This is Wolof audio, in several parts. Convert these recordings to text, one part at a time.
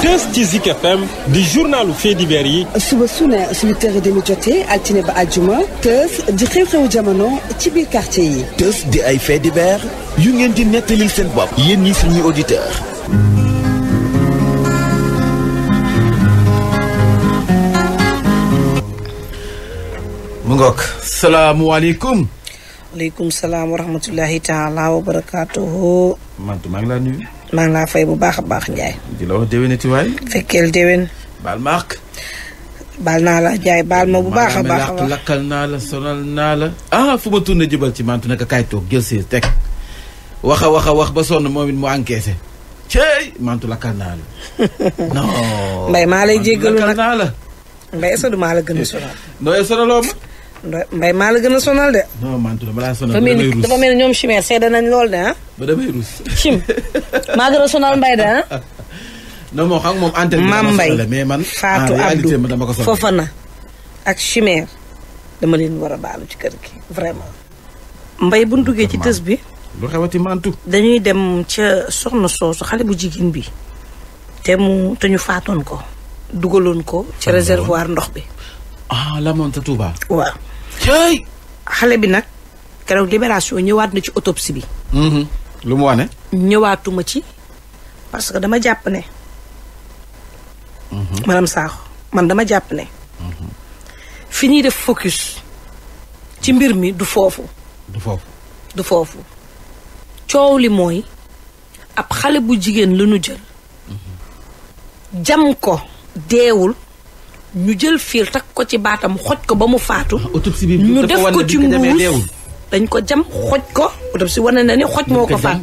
tës di journalu fait divers yi suba su ne suñu téere demi altine ba àjjuma tës di xew-xewu jamono ci biir quartier yi tës di ay fait yu ngeen di nettalil seen bopp yéen ñi suñuy auditeur mu ngoog salaamualeykum. waaleykum salaam wa rahmatulahi maa ngi laa fay bu baax a baax Ndiaye. di la wax déwénati waay. fekkeel déwén. baal ma àq. baal naa la Ndiaye baal ma bu baax a baax a lakkal naa la sonal naa la. ah fu ma tourné ci mantu naka kaay toog jël wax wax ba sonn moom it mu encaissé. cey mantu lakkal naa la. mbay maa lay jéggalu nag mbay est maa la gën a eh, sonal. non sonaloo ma. mbay maa la gën a sonal de. non man tuuti balaa sonal damay ruus mel ni ñoom chimère seede nañ lool de ah. ba damay ruus. chim maa gën a sonal mbay de ah. non moom xam moom antenne bi dama sonal mais man ah, ak chimère dama leen war a baalu ci kër gi vraiment. mbay bu ñu duggee ci tës bi. lu xewati mantu. dañuy dem ca soxna soosu xale bu jigéen bi. te mu te ñu faatoon ko. dugaloon ko ci réservoir ndox bi. ah la moon ta Touba. waaw. cey. xale bi nag keroog libération ñëwaat na ci autopsie bi. Mm-hmm. lu mu wane. ñëwaatuma ci parce que dama jàpp ne. Mm-hmm. maanaam Sakho man dama jàpp ne. Mm-hmm. fi ñuy def focus ci mbir mi du foofu. du foofu du foofu coow li mooy ab xale bu jigéen la nu jël. jam ko deewul. ñu jël fiir takk ko ci baatam xoj ko ba mu faatu. Ah, autopsie bi ñu def ko ci mbuus dañ ko jam xoj ko si wane na ni xoj moo ko faat.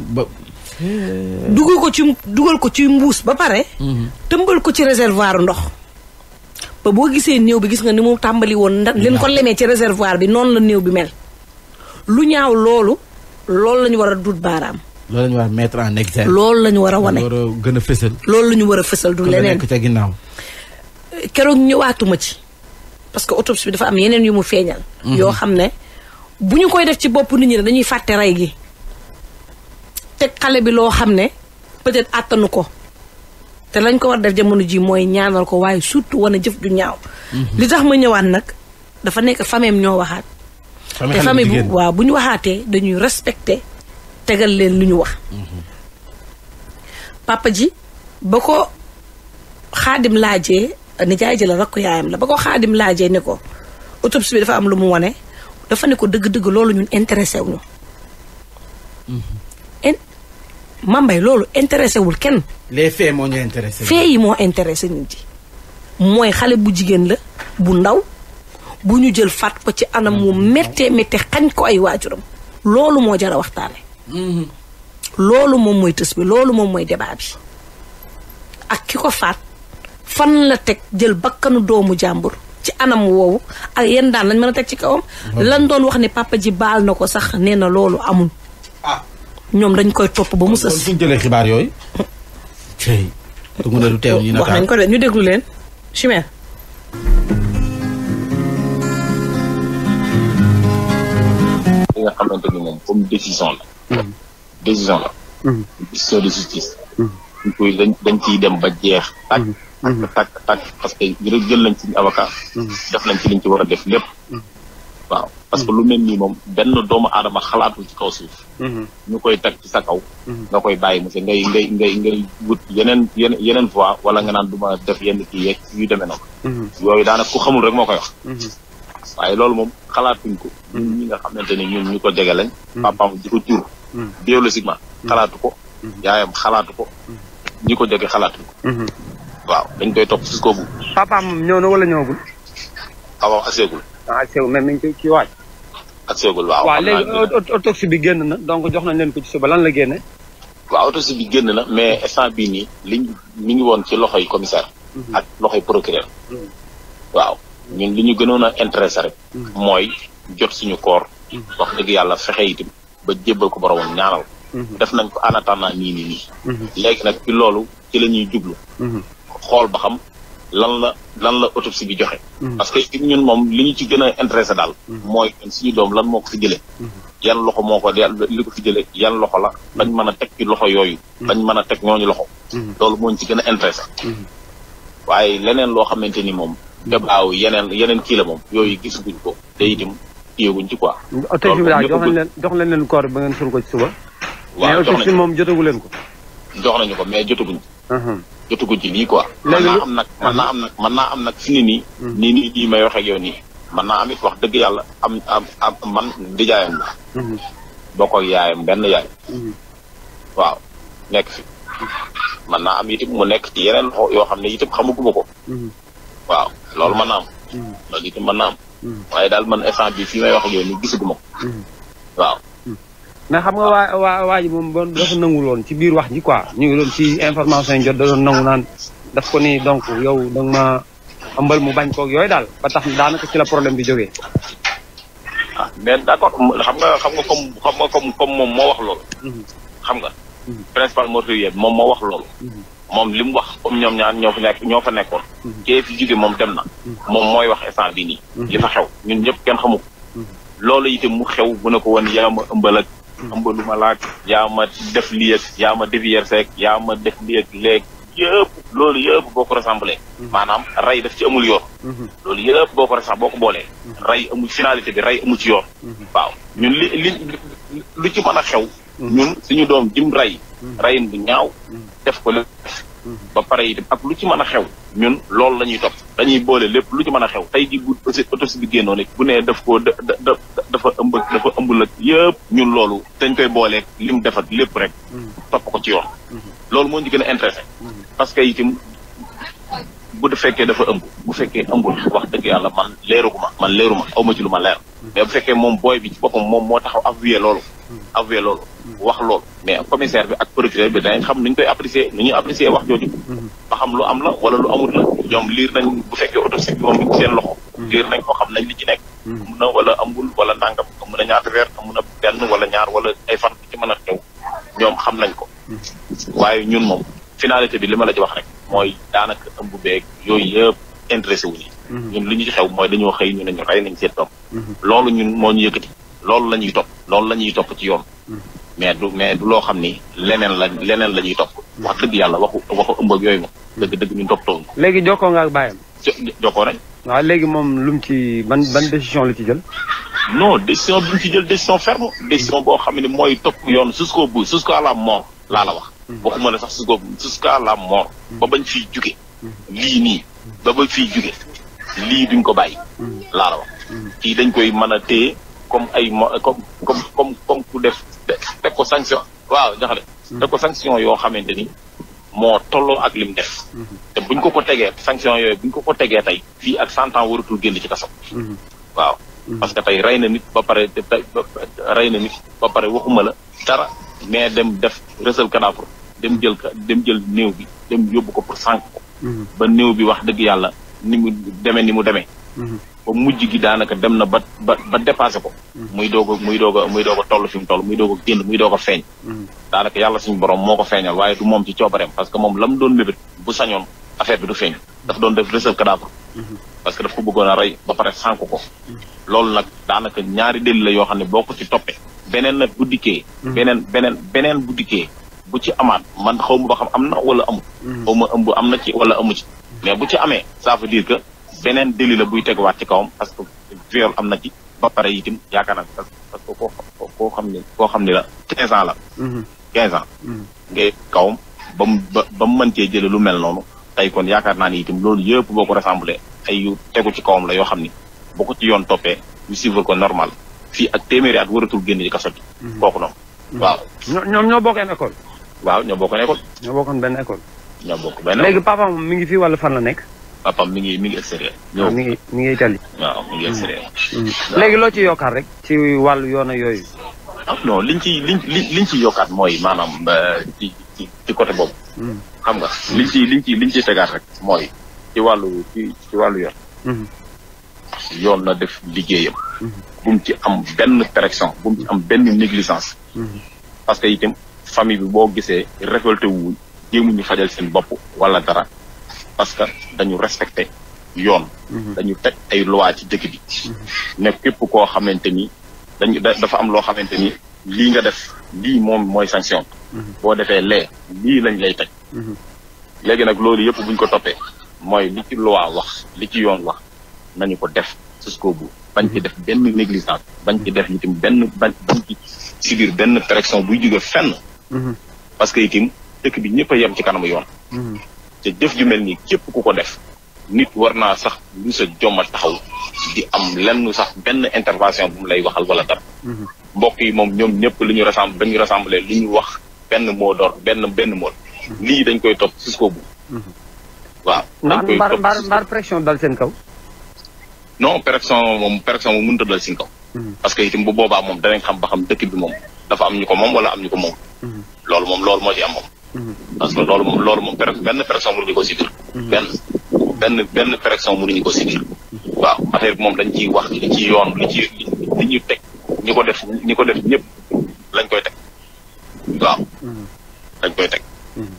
dugal ko ci dugal ko ci mbuus ba pare. Mhm. tëmbal ko ci réservoir ndox. ba boo gisee néew bi gis nga ni mu tàmbali woon ndax leen ko lemee ci réservoir bi noonu la néew bi mel. lu ñaaw loolu. loolu la ñu war a dut baaraam. loolu la ñu war a mettre loolu la ñu a wane. loolu la war a gën a fësal. loolu la ñu war a fësal du leneen ku nekk ca keroog ñëwaatuma ci parce que autopsie bi dafa am yeneen yu mu feeñal. Mhm. yoo xam ne bu ñu koy def ci bopp nit ñi dañuy fàtte rey gi teg xale bi loo xam ne peut-être àttanu ko te lañ ko war def jamono ji mooy ñaanal ko waaye surtout wane jëf du ñaaw. Mhm. li tax ma ñëwaat nag dafa nekk fameem ñoo waxaat. te famille bu waaw bu ñu waxaatee dañuy respecté tegal leen lu ñu wax. Mhm. papa ji ba ko xaadim laajee nijaay ji la rakku yaayam la ba ko xaadim laajee ni ko autopsie bi dafa am lu mu wane dafa ne ko dëgg-dëgg loolu ñun intéressé wuñu mm-hmm. mambay loolu intéressé wul kenn. les faits moo ñu intéressé. faits yi moo intéressé nit yi mooy xale bu jigéen la bu ndaw bu ñu jël faat ko ci anam mu mm-hmm. méttee méttee xañ ko ay waajuram. loolu moo jar a waxtaane mm-hmm. loolu moom mooy tës bi loolu moom mooy débat bi ak ki ko faat fan la teg jël bakkanu doomu jàmbur ci anam woowu ak yenn daan lañ mën a teg ci kawam. lan doon wax ne papa ji baal na ko sax nee na loolu amul. ah ñoom dañ koy topp ba mu sës. kon suñ jëlee xibaar yooyu. tey dugg na du teew ñu wax nañ ko de ñu déglu leen chimère. li nga xamante ni moom décision la. Hmm. décision la. décision hmm. de justice. Hmm. dañ koy dañ ciy dem ba jeex. tàkk tàkk parce que jël nañ suñu avocat. Mm-hmm. def nañ ci liñ ci war a def lépp. Mm-hmm. waaw parce que mm-hmm. lu mel nii moom benn doomu aadama xalaatul ci kaw suuf. ñu koy teg ci sa kaw. nga koy bàyyi monsieur ngay ngay ngay ngay wut yeneen yeneen yeneen voie wala nga naan du ma def yenn kii yeeg yu demee noonu. yooyu daanaka ku xamul rek moo koy wax. waaye loolu moom xalaatuñ ko. ñun ñi ni ñun ñu ko jege lañ. papaam di ko jur. biologiquement xalaatu ko. yaayam xalaatu ko. ñi ko jege xalaatuñ waaw dañ koy topp jusqu'au bout. papaam moom ñëw na wala ñëwagul. Ah, waaw ak seegul. waaw ah, ak seegul mais mi ci waaj. ak seegul waaw. waaw léegi autopsie bi génn na donc jox nañ leen ko ci suba lan la génne. waaw autopsie bi génn na mais instant bii nii li mi ngi woon ci loxoy commissaire. Mhm. ak loxoy procureur. Mhm. waaw ñu li ñu gënoon a intéressé rek. Mhm. mooy jot suñu koor. wax dëgg yàlla fexe itam ba jébbal ko boromam ñaanal. def nañ ko en attendant nii nii nii. nag ci loolu ci la jublu. xool ba xam lan la lan la autopsie bi joxe. Mm-hmm. parce que ñun moom li ñu ci gën a daal. Mm-hmm. mooy suñu doom lan moo ko si jëlee. Mm-hmm. yan loxo moo ko li ko fi jëlee yan loxo la dañ man a teg ci loxo yooyu. dañ mën a teg ñooñu loxo. loolu moo ñu ci gën a intéressé. waaye leneen loo xamante ni moom. debaaw yeneen yeneen kii la moom yooyu gis guñ ko te itam téyeguñ ci quoi. autopsie bi daal jox nañ leen jox leen corps ba ngeen suul ko ci suba. waaw jox nañ mais autopsie moom jotagu leen ko. jox nañu ko mais jotaguñ uh-huh. jotaguñ ci lii quoi. léegi mën naa am nag mën naa am nag mën naa am nag fi ni hmm. nii. nii nii may wax ak yow nii. naa am it wax dëgg yàlla am am man nijaayam la. Hmm. bokk ak yaayam benn yaay. Hmm. waaw nekk fi. mën am itam mu nekk ci yeneen yoo xam ne itam xamaguma ko. waaw loolu mën naa am. loolu itam waaye daal man instant bi fii may wax ak yow nii gisaguma waaw. mais xam nga waa waa waa moom bon dafa nangul woon ci biir wax ji quoi ñu ngi doon ci information yi jot da naan daf ko ni donc yow da nga ma ëmbal mu bañ koog yooyu daal ba tax daanaka ci la problème bi jógee. Ah, mais d' accord xam nga xam nga comme xam nga comme moom moo wax loolu. Mhm. xam nga. Mhm. principal meurtrier moom moo wax loolu. Mhm. moom li mu wax comme ñoom ñaar ñoo fa nekk ñoo fa nekkoon. kii fi jóge moom dem na. moom mooy wax instant bi nii. li fa xew ñun ñëpp kenn xamu ko. loolu itam mu xew bu ne ko woon yaa ma ëmbal xam nga ma laaj yaa ma def lii ak yaa ma dévier yaa ma def lii ak léeg loolu yëpp boo ko rassemblé mhm. maanaam ray def ci amul yoon mhm. loolu yëpp boo ko rassemblé boo ko boolee mhm. ray amul finalité bi rey amul ci yoon waaw ñun li li lu ci mën a xew ñun suñu doom jim ray reyin bu ñaaw def ko li ba pare itam ak lu ci mën a xew ñun loolu la ñuy topp dañuy boole lépp lu ci mën a xew tey ji bu aussi autopsie bi génnoo ne bu nee daf ko dafa ëmb dafa ëmbul lëg yëpp ñun loolu dañ koy boole li mu defat lépp rek mm-hmm. topp ko ci yoon mm-hmm. loolu moo ñu gën a intéressé mm-hmm. parce que itam bu fekkee dafa ëmb bu fekkee ëmbul wax dëgg yàlla man leeruguma man leeruma awma ci lu ma leer mais bu fekkee moom booy bi ci boppam moom moo taxaw avoué loolu hmm. avoué loolu hmm. wax loolu mais commissaire bi ak procureur bi danañ xam nu koy apprécier nu ñuy apprécier wax jooju hmm. ba xam lu am la wala lu amul la ñoom liir nañ bu fekkee autopsie bi moom ngi seen loxo liir nañ ko xam nañ li ci nekk mun na wala amul wala nàngam mun a ñaata weer mun a benn wala ñaar wala ay fan ci mën a xew ñoom xam nañ ko waaye ñun moom finalité bi li ma la ci wax rek mooy daanaka ëmb beeg yooyu yëpp intéressé wuñu Mm-hmm. ñun li ñu ci xew mooy dañoo xëy ñu ne rey nañ seen doom mm-hmm. loolu ñun moo ñu yëkkati loolu la ñuy topp loolu la ñuy topp ci yoon mm-hmm. mais du mais du loo xam ni leneen la leneen la ñuy topp wax dëgg yàlla waxu waxu ëmb ak yooyu ma dëgg dëgg ñun topp toon léegi jokkoo nga ak bàyyam jokkoo nañ waaw léegi moom lu mu ci ban ban décision la ci jël non décision bi mu ci jël décision ferme décision boo xam ne mooy topp yoon jusqu'au bout jusqu'à la mort laa la wax waxuma la sax jusqu'au jusqu'à la mort ba bañ fiy juge lii nii ba lii duñ ko bàyyi. Mm. laa la wax. kii mm. dañ koy mën a téye comme ay comme comme comme comme ku def teg ko sanction waaw jaxale mm. teg ko sanction yoo xamante ni moo tolloo ak lim def. Mm-hmm. te buñ ko ko tegee sanction yooyu buñ ko ko tegee tey fii ak cent ans waratul génn ci kaso. Mm-hmm. waaw mm-hmm. parce que tey rey na nit ba pare rey na nit ba pare waxuma la dara mais dem def rësal cadavre dem jël dem jël néew bi dem yóbbu ko pour sànq ba néew bi wax dëgg yàlla. ni mu demee ni mu demee. Mhm. ba mujj gi daanaka dem na ba ba ba dépassé ko. Mhm. muy doog muy doog muy doog a toll fi mu toll muy doog a génn muy doog a feeñ. Mhm. daanaka yàlla suñu borom moo ko feeñal waaye du moom ci coobareem parce que moom la mu doon mébét bu sañoon affaire bi du feeñ. dafa doon def réserve cadavre. parce que daf ko bëggoon a rey ba pare sànk ko. loolu nag daanaka ñaari déli la yoo xam ne boo ko ci toppee. beneen nag bu dikkee. beneen beneen beneen bu dikkee. bu ci amaat man xaw ma ba xam am na wala amul. Mm-hmm. xaw ma ëmb am na ci wala amu ci. mais bu ci amee ça veut dire que beneen délit la buy teguwaat ci kawam parce que viol am na ci ba pare itam yaakaar naa parce que koo koo xam ne koo xam ne la quinze ans la. Mm-hmm. quinze ans. Mm-hmm. ngay kawam ba mu ba ba mu mën cee jëlee lu mel noonu tey kon yaakaar naa ni itam loolu yëpp boo ko rassemblé ay yu tegu ci kawam la yoo xam ni boo ko ci yoon toppee ñu suivre ko normal fii ak téeméeri ak waratul génn ci kaso bi. kooku waaw ñoom ñoo bokkee école. waaw ñoo bokkoon école. ñoo bokkoon benn école. ñoo bokk benn léegi papaam mi ngi fii walla fan la nekk. papaam mi ngi mi ngi extérieur. Ah, mi ngi mi ngi Italie. waaw mi ngi extérieur. Mm. Mm. Mm. léegi loo ci yokkaat rek. ci wàllu yoon yooyu. ah non liñ ci liñ liñ ci yokkaat mooy maanaam euh, ci ci ci boobu. xam nga liñ ci liñ ci liñ ci tegaat rek mooy ci wàllu ci ci wàllu yoon. yoon na def liggéeyam. bu ci am benn correction bu ci am benn négligence. parce que itam famille bi boo gisee révolté wu jéemuñu fajal seen bopp wala dara parce que dañu respecté yoon. Mhm. dañu teg ay loi ci dëkk bi. Mhm. ne képp koo xamante ni dañu dafa am loo xamante ni lii nga def lii moom mooy sanction. Mhm. boo defee lee lii lañ lay teg. léegi nag loolu yëpp buñ ko toppee mooy li ci loi wax li ci yoon wax nañu ko def jusqu'au bout bañ ci def benn négligence bañ ci def itam benn bañ bañ ci subir benn pression buy jóge fenn. Mhm. parce que itim dëkk bi ñëpp a yem ci kanamu yoon. Mhm. te def ju mel nii képp ku ko def nit war naa sax lu sa jomma taxaw di am lenn sax benn intervention bu mu lay waxal wala dara. Mhm. bokk yi moom ñoom ñëpp li ñu rassemble dañu rassemble li ñu wax benn mot d'ordre benn benn mot. lii dañ koy topp jusqu'au bout. waaw dañ koy topp mbaar mbaar pression dal seen kaw. non pression moom pression moom mënut a dal seen kaw. parce que itam bu boobaa moom danañ xam ba xam dëkk bi moom dafa am ñu ko moom wala am ñu ko moom. Mhm. loolu moom loolu moo ci am moom. Mhm. parce que loolu moom loolu moom benn personne mënuñu ko subir. Mhm. benn benn benn personne mënuñu ko subir. waaw affaire bi moom dañ ciy wax li ci yoon li ci li ñu teg ñi ko def ñi ko def ñëpp lañ koy teg waaw. koy teg.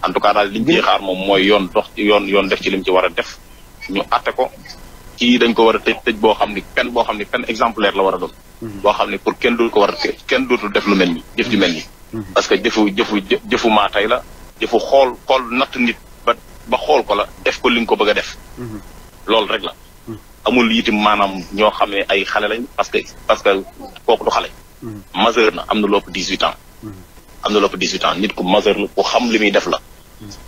en tout cas daal liñ ciy xaar moom mooy yoon dox yoon yoon def ci lim ci war a def ñu ate ko kii dañ ko war a tëj tëj boo xam ni pen boo xam ni pen exemplaire la war a doon. Mhm. boo xam ne pour kenn dootu ko war kenn dootul def lu mel ni def ju mel ni mhm. parce que jëfu jëfu jëfu tey la jëfu xool xool natt nit ba ba xool ko la def ko li nga ko bëgg a def mhm. loolu rek la amul itam maanaam ñoo xam ne ay xale lañ parce que parce que kooku du xale majeur na am na lopp dix huit ans am na lopp dix huit ans nit ku majeur la ku xam li muy def la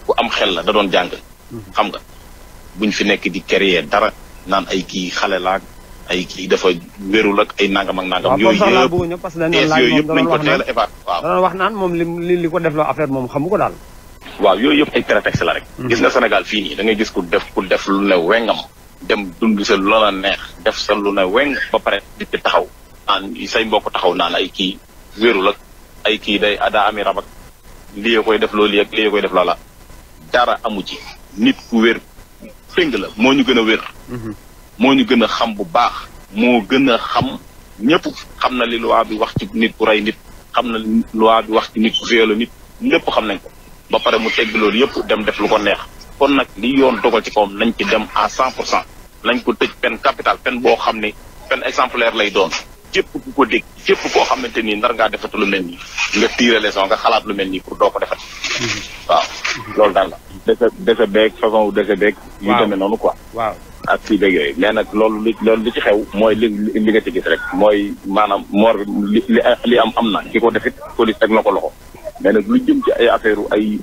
ku am xel la da doon jàng xam nga buñ fi nekk di créer dara naan ay kii xale laag ay kii dafa wérul ak ay nangam ak nangam. yooyu yëpp parce ko teel a évacué waaw danañ wax naan moom li li ko def la affaire moom xamu ko daal. waaw yooyu yëpp ay prétexte la hmm. gis nga Sénégal fii yi da ngay gis ku def ku def lu ne wengam. dem dund sa loola neex def sa lu ne weng ba pare di taxaw naan say mbokk taxaw naan ay kii wérul ak ay kii day daa ami rab ak koy def loolu ak lii koy def loola daara amu ci nit ku wér péng la moo ñu gën a wér. Hmm. moo ñu gën a xam bu baax moo gën a xam ñëpp xam na li loi bi wax ci nit ku rey nit xam na li loi bi wax ci nit ku viole nit lépp xam nañ ko ba pare mu teg loolu yëpp dem def lu ko neex kon nag li yoon dogal ci kawam nañ ci dem à cent cent lañ ko tëj peine capital peine boo xam ne peine exemplaire lay doon képp ku ko dégg képp koo xamante nii ndar ngaa defatu lu mel nii nga tiire leçon nga xalaat lu mel nii pour doo ko defat mhm. waaw loolu daal la dese mhm. dese beeg façon wu dese beeg ak kii beeg yooyu mais nag loolu li loolu li ci xew mooy li li nga ci gis rek mooy maanaam moor bi li am am na ki ko defit police teg na ko loxo mais nag lu jëm ci ay affaire ay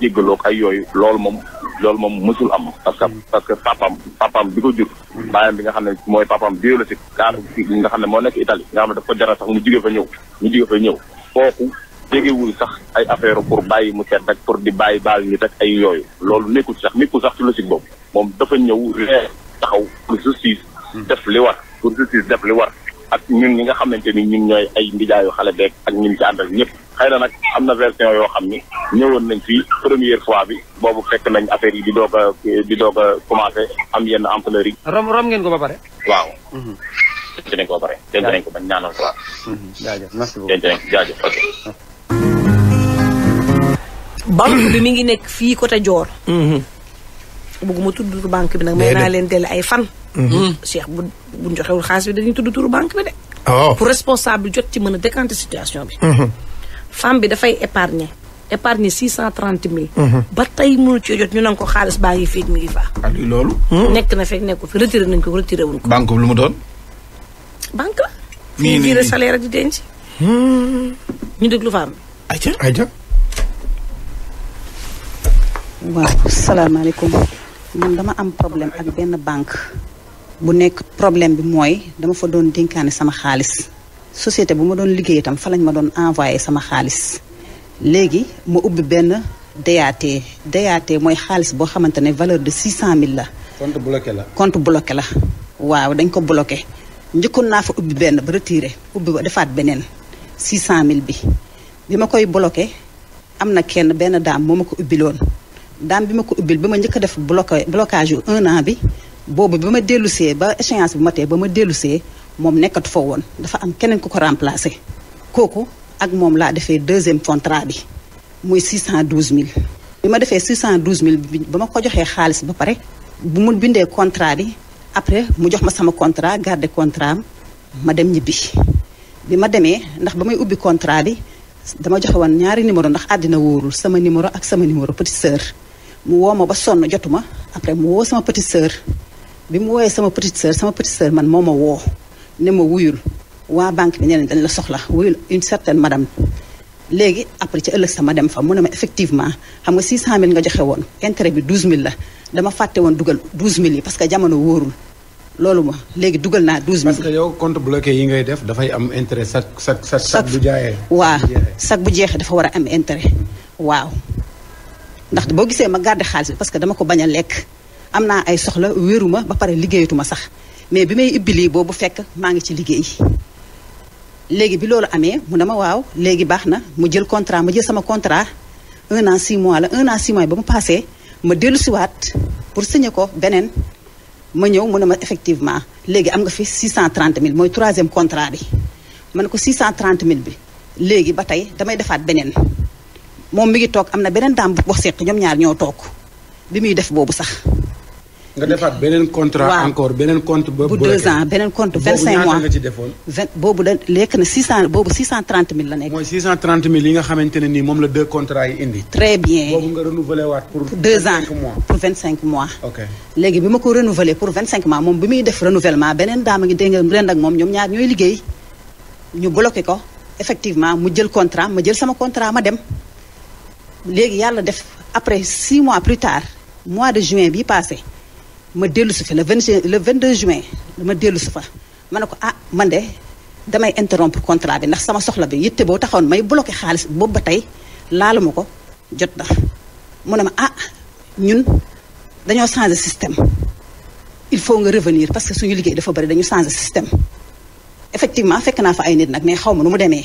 jéggaloog ay yooyu loolu moom loolu moom mësul am parce que mm. parce que papaam papaam bi ko jur mm. bàyyam bi nga xam ne mooy papaam biologique car mm. nga xam ne moo nekk Italie nga xam ne daf ko jaral mu jóge fa ñëw mu jóge fa ñëw kooku jégewul sax ay affaire pour bàyyi mu seet rek pour di bàyyi baal nit ak ay yooyu loolu nekkul sax nekkul sax ci logique boobu moom dafa ñëw taxaw pour justice def li war pour justice def li war ak ñun ñi nga xamante ni ñun ñooy ay ndijaayu xale beeg ak ñun ci àndal ñëpp xëy na am na version yoo xam ni ñëwoon nañ fi première fois bi boobu fekk nañ affaire yi di doog di doog commencé am yenn ampleur yi. rom rom ngeen ko ba pare. waaw. Mhm. denc nañ ko ba pare denc nañ ko ba ñaanal ko waaw. Mhm. jaajëf merci beaucoup denc nañ ko jaajëf ok. banque bi mi ngi nekk fii côté Dior. Mhm. bëgguma tudd turu banque bi nag. may naa leen dell ay fan. Mhm. Cheikh bu bu ñu joxewul xaalis bi dañuy tudd turu banque bi de. Oh. pour responsable jot ci mën a décanter situation bi. Mhm. femme bi dafay épargner. épargne six cent trente mille. Mhm. ba tey mënu ci jot ñu naan ko xaalis baa ngi fii mi ngi faa. ak ah, loolu. nekk na fekk nekk ko fi retiré nañ ko retiré wuñ ko. banque bi lu mu doon. banque la. nii nii salaire di denc. ñu déglu femme bi. ayca ayca. waaw salaamaaleykum. man dama am problème ak benn banque bu nekk problème bi mooy dama fa doon dénkaane sama xaalis société bu ma doon liggéey itam fa lañ ma doon envoyé sama xaalis léegi ma ubbi benn DAT DAT mooy xaalis boo xamante ne valeur de 600000 la. compte bloqué la compte bloqué la. waaw dañ ko bloqué njëkkoon naa fa ubbi benn ba retiré ubbi ba defaat beneen mille bi bi ma koy bloqué am na kenn benn daam moo ma ko ubbiloon. daam bi ma ko ubbil ba ma njëkk def bloqué blocage yu un an bi boobu ba ma dellusee ba échéance bi matee ba ma dellusee moom nekkatu fa woon dafa am keneen ku ko remplacé kooku ak moom laa defee deuxième contrat bi muy 612000 bi ma defee 612000 bi ba ma ko joxee xaalis ba pare bu mu bindee contrat bi après mu jox ma sama contrat garder contrat ma dem ñibbi bi ma demee ndax ba may ubbi contrat bi dama joxe woon ñaari numéro ndax àddina wóorul sama numéro ak sama numéro petite sœur mu woo ma ba sonn jotu ma après mu woo sama petite sœur bi mu wooyee sama petite sœur sama petite sœur man moo ma woo ne ma wuyul waa banque bi nee dañ la soxla wuyul une certaine madame léegi après ci ëllëg sama dem fa mu ne ma effectivement xam nga 600000 nga joxe woon intérêt bi 12000 la dama fàtte woon dugal 12000 yi parce que jamono wóorul loolu ma léegi dugal naa 12000. parce que yow compte bloqué yi ngay def dafay am intérêt chaque chaque chaque bu jaayee. waaw chaque bu jeexee dafa war a am intérêt waaw. ndax boo gisee ma garder xaalis bi parce que dama ko bañ a lekk am naa ay soxla wéruma ba pare liggéeyatuma sax mais bi may ibbili lii boobu fekk maa ngi ci liggéey léegi bi loolu amee mun ne ma waaw léegi baax na mu jël contrat ma jël sama contrat un an six mois la un an six ba mu passé ma dellu siwaat pour signer ko beneen ma ñëw mu ne ma effectivement léegi am nga fi 630 000 mooy troisième contrat bi ma ne ko 630 000 bi léegi ba tey damay defaat beneen moom mi ngi toog am na beneen daam bu wax seq ñoom ñaar ñoo toog bi muy def boobu sax. nga defaat beneen contrat. waaw encore beneen compte. bu deux ans beneen compte vingt cinq mois boobu moom ma ko renouvelé pour vingt cinq mois moom bi muy def renouvellement beneen daama ngi dégg nga ñaar ñooy liggéey ñu bloqué ko effectivement mu jël contrat ma jël sama contrat ma dem. léegi yàlla def après six mois plus tard mois de juin bi passé ma dellu si fa le vingt le vingt deux juin ma dellu si fa ma ne ko ah man de damay interrompre contrat bi ndax sama soxla bi yitte boo taxoon may bloqué xaalis boobu ba tey laalu ma ko jot na mu ne ma ah ñun dañoo changé système il faut nga revenir parce que suñu liggéey dafa bëri dañu changer système effectivement fekk naa fa ay nit nag mais xaw ma nu mu demee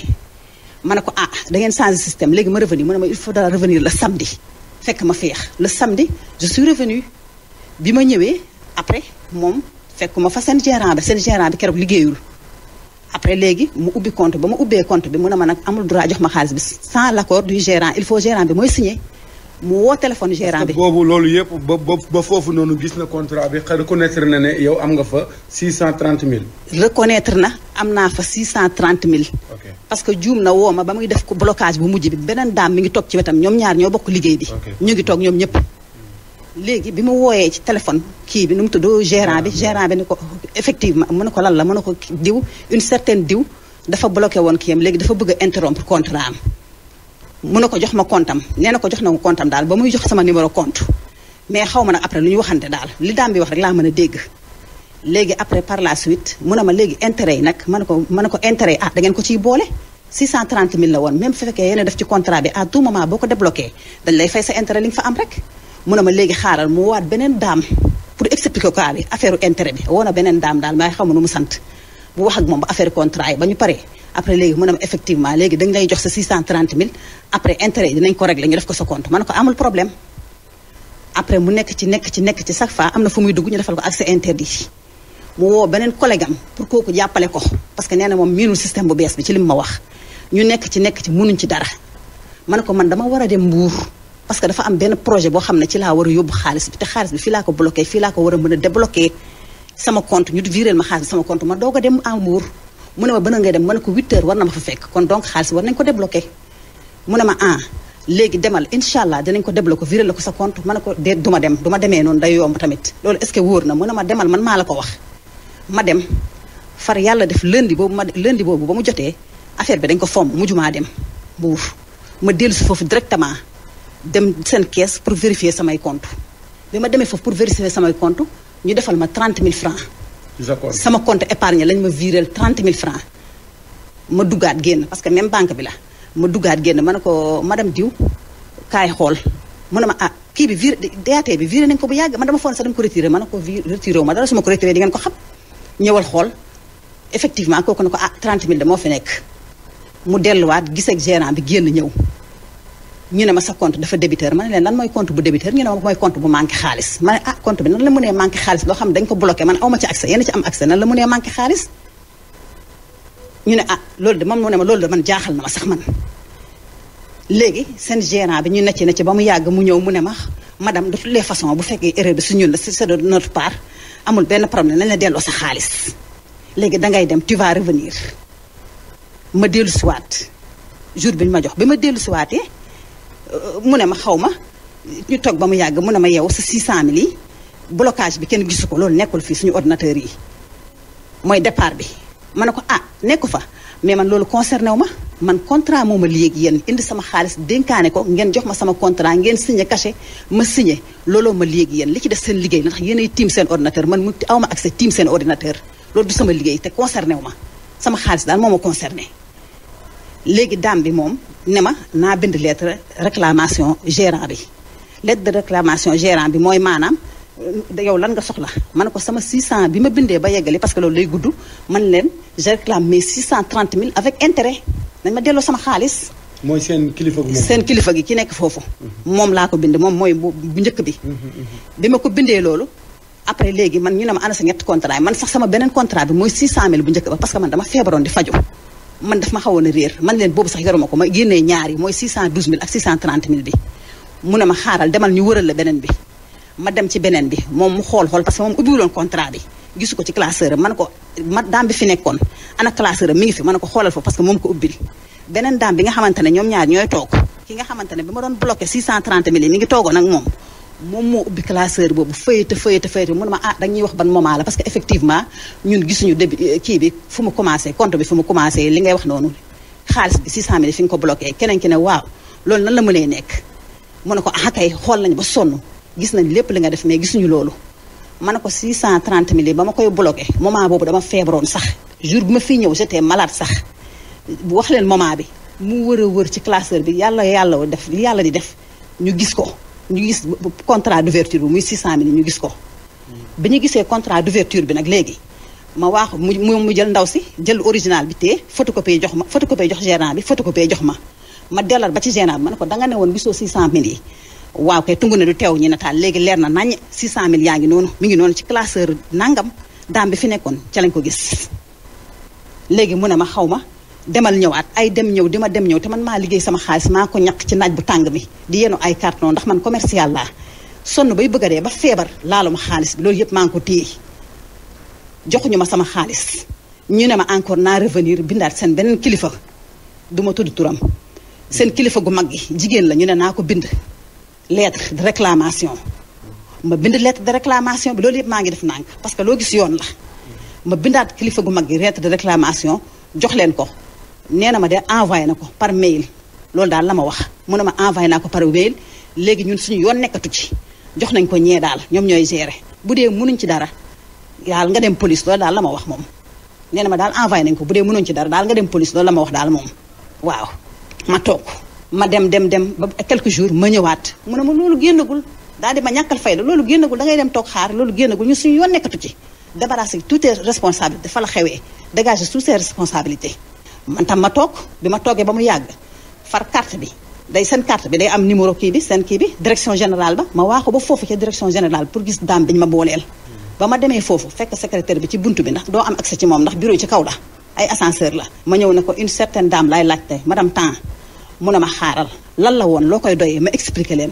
ma ne ko ah da ngeen changé système léegi ma revenu mu ne ma il faudra revenir le samedi fekk ma féex le samedi je suis revenu bi ma ñëwee après moom fekk ma fa seen gérant bi seen gérant bi keroog liggéeyul après léegi mu ubbi compte ba ma ubbee compte bi mu a ma nag amul droit jox ma xaalis bi sans l'accord du gérant il faut gérant bi mooy signé mu woo téléphone gérant bi. boobu loolu yëpp ba ba foofu noonu gis na contrat bi reconnaître na ne yow am nga fa trent mille reconnaître na am naa fa 630 000. ok parce que juum na woo ma ba muy def ko blocage bu mujj bi beneen daam mi ngi toog ci wetam ñoom ñaar ñoo bokk liggéey bi. ñu ngi toog ñoom ñëpp. léegi bi mu wooyee ci téléphone kii bi nu mu tudd gérant bi gérant bi ni ko effectivement mu ne ko lan la mu ne ko diw une certaine diw dafa bloqué woon kii am léegi dafa bëgg a contrat am. mu na ko jox ma compte am na ko jox na ko compte ba muy jox sama numéro compte mais xaw ma nag après lu ñu waxante daal li daam bi wax rek laa mën a dégg léegi après par la suite mu ne ma léegi intérêt yi nag ma ne ko ma ne ko intérêt yi ah da ngeen ko ciy boole 630 000 la woon même su fekkee yéen def ci contrat bi tout moment boo ko débloqué dañ lay fay sa intérêt li nga fa am rek mu ne ma léegi xaaral mu waat beneen daam pour expliquer ko bi affaire u bi woo beneen daam daal maay ma nu mu sant bu wax ak moom ba affaire contrat yi ba ñu paree après léegi mu ne effectivement léegi dañ lay jox sa 630 000 après intérêt yi dinañ ko régler ñu def ko sa compte ma ne ko amul problème après mu nekk ci nekk ci nekk ci chaque fois am na fu muy dugg ñu defal ko accès interdit mu woo beneen collègue am pour kooku jàppale ko parce que nee na moom miinul système bu bees bi ci lim ma wax ñu nekk ci nekk ci mënuñ ci dara ma ne ko man dama war a dem mbuur parce que dafa am benn projet boo xam ne ci laa war a yóbbu bi te xaalis bi fii laa ko bloqué fii laa ko war mën a débloqué sama compte ñu ma xaalis bi ma doog a dem à mbuur mu ne ma bëna ngay dem ma ne ko 8 heures war na ma fa fekk kon donc xaalis war nañ ko débloqué mu ne ma ah léegi demal incha allah dinañ ko débloqué viré la ko sa compte ma ne ko déet duma dem duma demee noonu day yomb tamit loolu est ce que wóor na mu ne ma demal man maa la ko wax ma dem far yàlla def lundi boobu ma lundi boobu ba mu jotee affaire bi dañ ko fomm mujj maa dem mbuur ma dellu si foofu directement dem seen caisse pour vérifier samay compte bi ma demee foofu pour vérifier samay compte ñu defal ma 30 000 sama compte épargne lañ ma viréel trente mille francs ma dugaat génn parce que même banque bi la ma duggaat génn ma ne ko madame diw kaay xool mun ne ma ah kii bi viré DAT bi viré nañ ko bu yàgg ma dama foog ne sax dama ko retiré ma ne ko vi retiré ma dara su ma ko retiré di ngeen ko xam ñëwal xool effectivement kooku ne ko ah trente mille de moo fi nekk mu delluwaat gis ak gérant bi génn ñëw ñu ne ma sa compte dafa débiteur ma ne leen lan mooy compte bu débiteur ñu ne ma mooy compte bu manqué xaalis ma ne ah compte bi nan la mënee manqué xaalis loo xam ne dañ ko bloqué man aw ma ci accès yéen ci am accès nan la mënee manqué xaalis ñu ne ah loolu de moom mu ne ma loolu de man jaaxal na ma sax man léegi seen gérant bi ñu necc ne ci ba mu yàgg mu ñëw mu ne ma madame de toutes les façons bu fekkee erreur bi su ñun la c'est de notre part amul benn problème la delloo sa xaalis léegi dangay dem tu vas revenir ma dellu siwaat jour bi ñu ma jox bi ma dellu siwaatee mu ne ma xaw ma ñu toog ba mu yàgg mun ne ma yow sa 600000 yi blocage bi kenn gisu ko loolu nekkul fii suñu ordinateur yi mooy départ bi ma ne ko ah nekku fa mais man loolu concerné wu ma man contrat moo ma léegi yéen indi sama xaalis dénkaane ko ngeen jox ma sama contrat ngeen signé cachet ma signé looloo ma léegi yéen li ci def seen liggéey ndax yéenay tiim seen ordinateur man mu aw ma accès seen ordinateur loolu du sama liggéey te concerné wu ma sama xaalis daal moo ma concerné léegi dame bi moom ne ma naa bind lettre réclamation gérant bi lettre de réclamation gérant bi mooy maanaam euh, yow lan nga soxla ma ne ko sama 600 bi ma bindee ba yeggale parce que loolu lay gudd man leen je réclame mes 630 000 avec intérêt nañ ma sama xaalis. mooy seen kilifa gi moom kilifa gi ki nekk foofu. Mhm. moom laa ko bind moom mooy bu njëkk bi. Mhm, mhm. bi ma ko bindee loolu. après léegi man ñu ne ma ana sa ñetti contrat yi man sax sama beneen contrat bi mooy 600000 bu njëkk ba parce que man dama feebaroon man daf ma xawoon a réer man leen boobu sax yoruma ko ma génnee ñaar yi mooy 612000 ak 630000 bi mu ne ma xaaral demal ñu wëral la beneen bi ma dem ci beneen bi moom mu xool xool parce que moom ubbiwuloon ko ci classeur am ko ma nekkoon ana classeur am mi ngi fi ma ne ko xoolal fa parce que moom ko ubbil beneen daam bi nga xamante ne ñoom ñaar ñooy toog ki nga xamante ne bi ma doon bloqué 630 mille yi mi ngi toogoon ak moom moom moo ubbi classeur boobu fëyata fëyata fëyata mu ne ma ah ñuy wax ban moment la parce que effectivement ñun gisuñu début euh, kii bi fu mu commencé compte bi fu mu commencé li ngay wax noonu xaalis bi 600000 fi nga ko bloqué keneen ki ne waaw loolu nan la mënee nekk mu ne ko ah kay xool nañ ba sonn gis nañ lépp li nga def mais gisuñu loolu ma ne ko trent mille ba ma koy bloqué moment boobu dama feebaroon sax jour bi ma fii ñëw j'étais malade sax wax leen moment bi mu wër a ci classeur bi yàlla yàlla def yàlla di def ñu gis ko ñu gis contrat d'ouverture bi muy 600000 ñu gis ko. bi ñu gisee contrat d'ouverture bi nag léegi ma waax mu mu jël ndaw si jël original bi te photocopie jox ma photocopie jox gérant bi photocopie jox ma. ma dellar ba ci gérant bi ma ne ko danga ne woon gisoo 600000 yi waaw kay tungu ne du teew ñi nataal léegi leer na naññ mille yaa ngi noonu mu ngi noonu ci classeur nangam daam bi fi nekkoon ca lañ ko gis. léegi mu ne ma xaw ma demal ñëwaat ay dem ñëw di ma dem ñëw te man maa liggéey sama xaalis maa ko ñaq ci naaj bu tàng mi di yenu ay carton ndax man commercial laa sonn bay bëgg a dee ba feebar ma xaalis bi loolu yëpp maa ngi ko téye joxuñu ma sama xaalis ñu ne ma encore naa revenir bindaat seen beneen kilifa du ma tudd turam seen kilifa gu mag gi jigéen la ñu ne naa ko bind lettre de réclamation ma bind lettre de réclamation bi loolu yëpp maa ngi def nànk parce que loo gis yoon la ma bindaat kilifa gu mag gi lettre de réclamation jox leen ko nee na ma de envoyé na ko par mail loolu daal la ma wax mu ne ma envoyé na ko par mail léegi ñun suñu yoon nekkatu ci jox nañ ko ñee daal ñoom ñooy gérer bu dee mënuñ ci dara daal nga dem police loolu daal la ma wax moom nee na ma daal envoyé nañ bu dee mënuñ ci dara daal nga dem police loolu ma wax daal moom waaw ma toog ma dem dem dem ba quelques jours ma ñëwaat mu ne ma loolu génnagul daal di ma ñàkkal fayda loolu génnagul da ngay dem toog xaar loolu génnagul ñun suñu yoon nekkatu ci débarrassé tout tes responsabilités fa la xewee dégager toutes ses responsabilités man tam ma toog bi ma toogee ba mu yàgg far carte bi day seen carte bi day am numéro kii bi seen kii bi direction générale ba ma ko ba foofu ca direction générale pour gis daam biñ ma booleel. ba ma demee foofu fekk secrétaire bi ci bunt bi ndax doo am accès ci moom ndax bureau ci kaw la ay ascenseur la. ma ñëw na ko une certaine dame laay laajte madame temps mu a ma xaaral lan la woon loo koy doyee ma expliqué leen.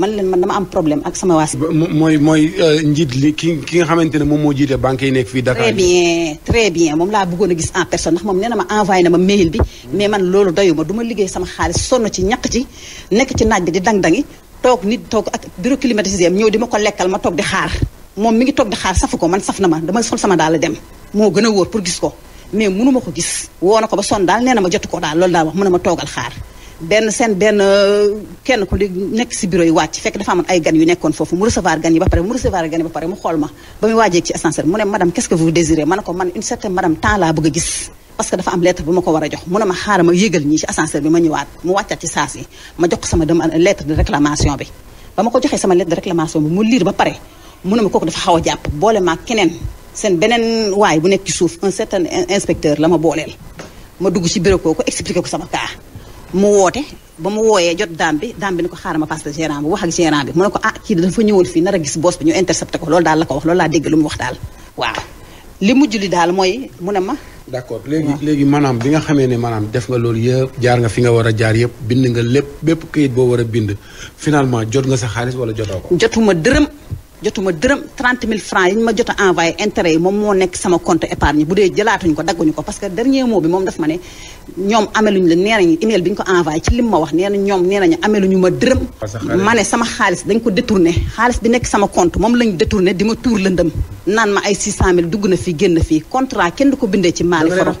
man leen man dama am problème ak sama waas. mooy mooy euh, njiit li ki ki nga xamante ne moom moo jiite banque yi nekk fii Dakar. très bien très bien moom laa bëggoon a gis en personne ndax moom nee ma envoyé na ma mail bi. mais man loolu dayuma du ma liggéey sama xaalis sonn ci ñàkk ci nekk ci naaj bi di dang-dangi toog nit toog ak bureau climatisé ñëw di ma ko lekkal ma toog di xaar. moom mi ngi toog di xaar safu ko man saf na ma dama sol sama daal dem moo gën a wóor pour ko mais mënu ko gis woo na ko ba sonn daal nee na ma jotu ko daal wax mën na ma toogal benn seen benn euh, kenn ku nekk si bureau yi wàcc fekk dafa amoon ay gan yu nekkoon foofu mu recevoir gan yi ba pare mu recevoir gan yi ba pare mu xool ma ko man une certaine madame temps laa bëgg a gis parce a jox ma xaaral ma yégal ñii ci ascenseur bi ma ñëwaat mu wàccaat ci saa si ma jox sama demande euh, lettre de réclamation bi ba ma ko joxee sama lettre de réclamation bi mu lire ba pare mu ne ma kooku dafa xaw a jàpp boole ma keneen seen beneen waay bu nekk ci suuf un certain inspecteur la ma booleel ma dugg ci bureau kooku expliqué ko sama cas mu woote ba mu wooyee jot daam bi daam bi ni ko xaaral ma passe gérant bi wax ak gérant bi mu ne ko ah kii dafa ñëwoon fii nar a gis boss bi ñu intercepté ko loolu daal la ko wax loolu laa dégg lu mu wax daal waaw li mujj li daal mooy mu ne ma d'accord léegi léegi maanaam bi nga xamee ne maanaam def nga loolu yëpp jaar nga fi nga war a jaar yëpp bind nga lépp bépp këyit boo war a bind finalement jot nga sa xaalis wala jotoo ko jotuma dërëm jotuma dërëm 30 mille francs yi ñu ma jot a envoyé intérêt yi moom moo nekk sama compte épargne bu dee jëlaatuñ ko dagguñu ko parce que dernier mot bi moom daf ma ne ñoom ameluñu la bi ñu ko envoyé ci lim ma wax nee na ñoom nee nañu ameluñu ma dërëm ma ne sama xaalis dañ ko détourné xaalis bi nekk sama compte moom lañ détourné di ma tuur lëndëm naan ma ay 600 000 dugg na fii génn fii contrat kenn du ko bindee ci maali foro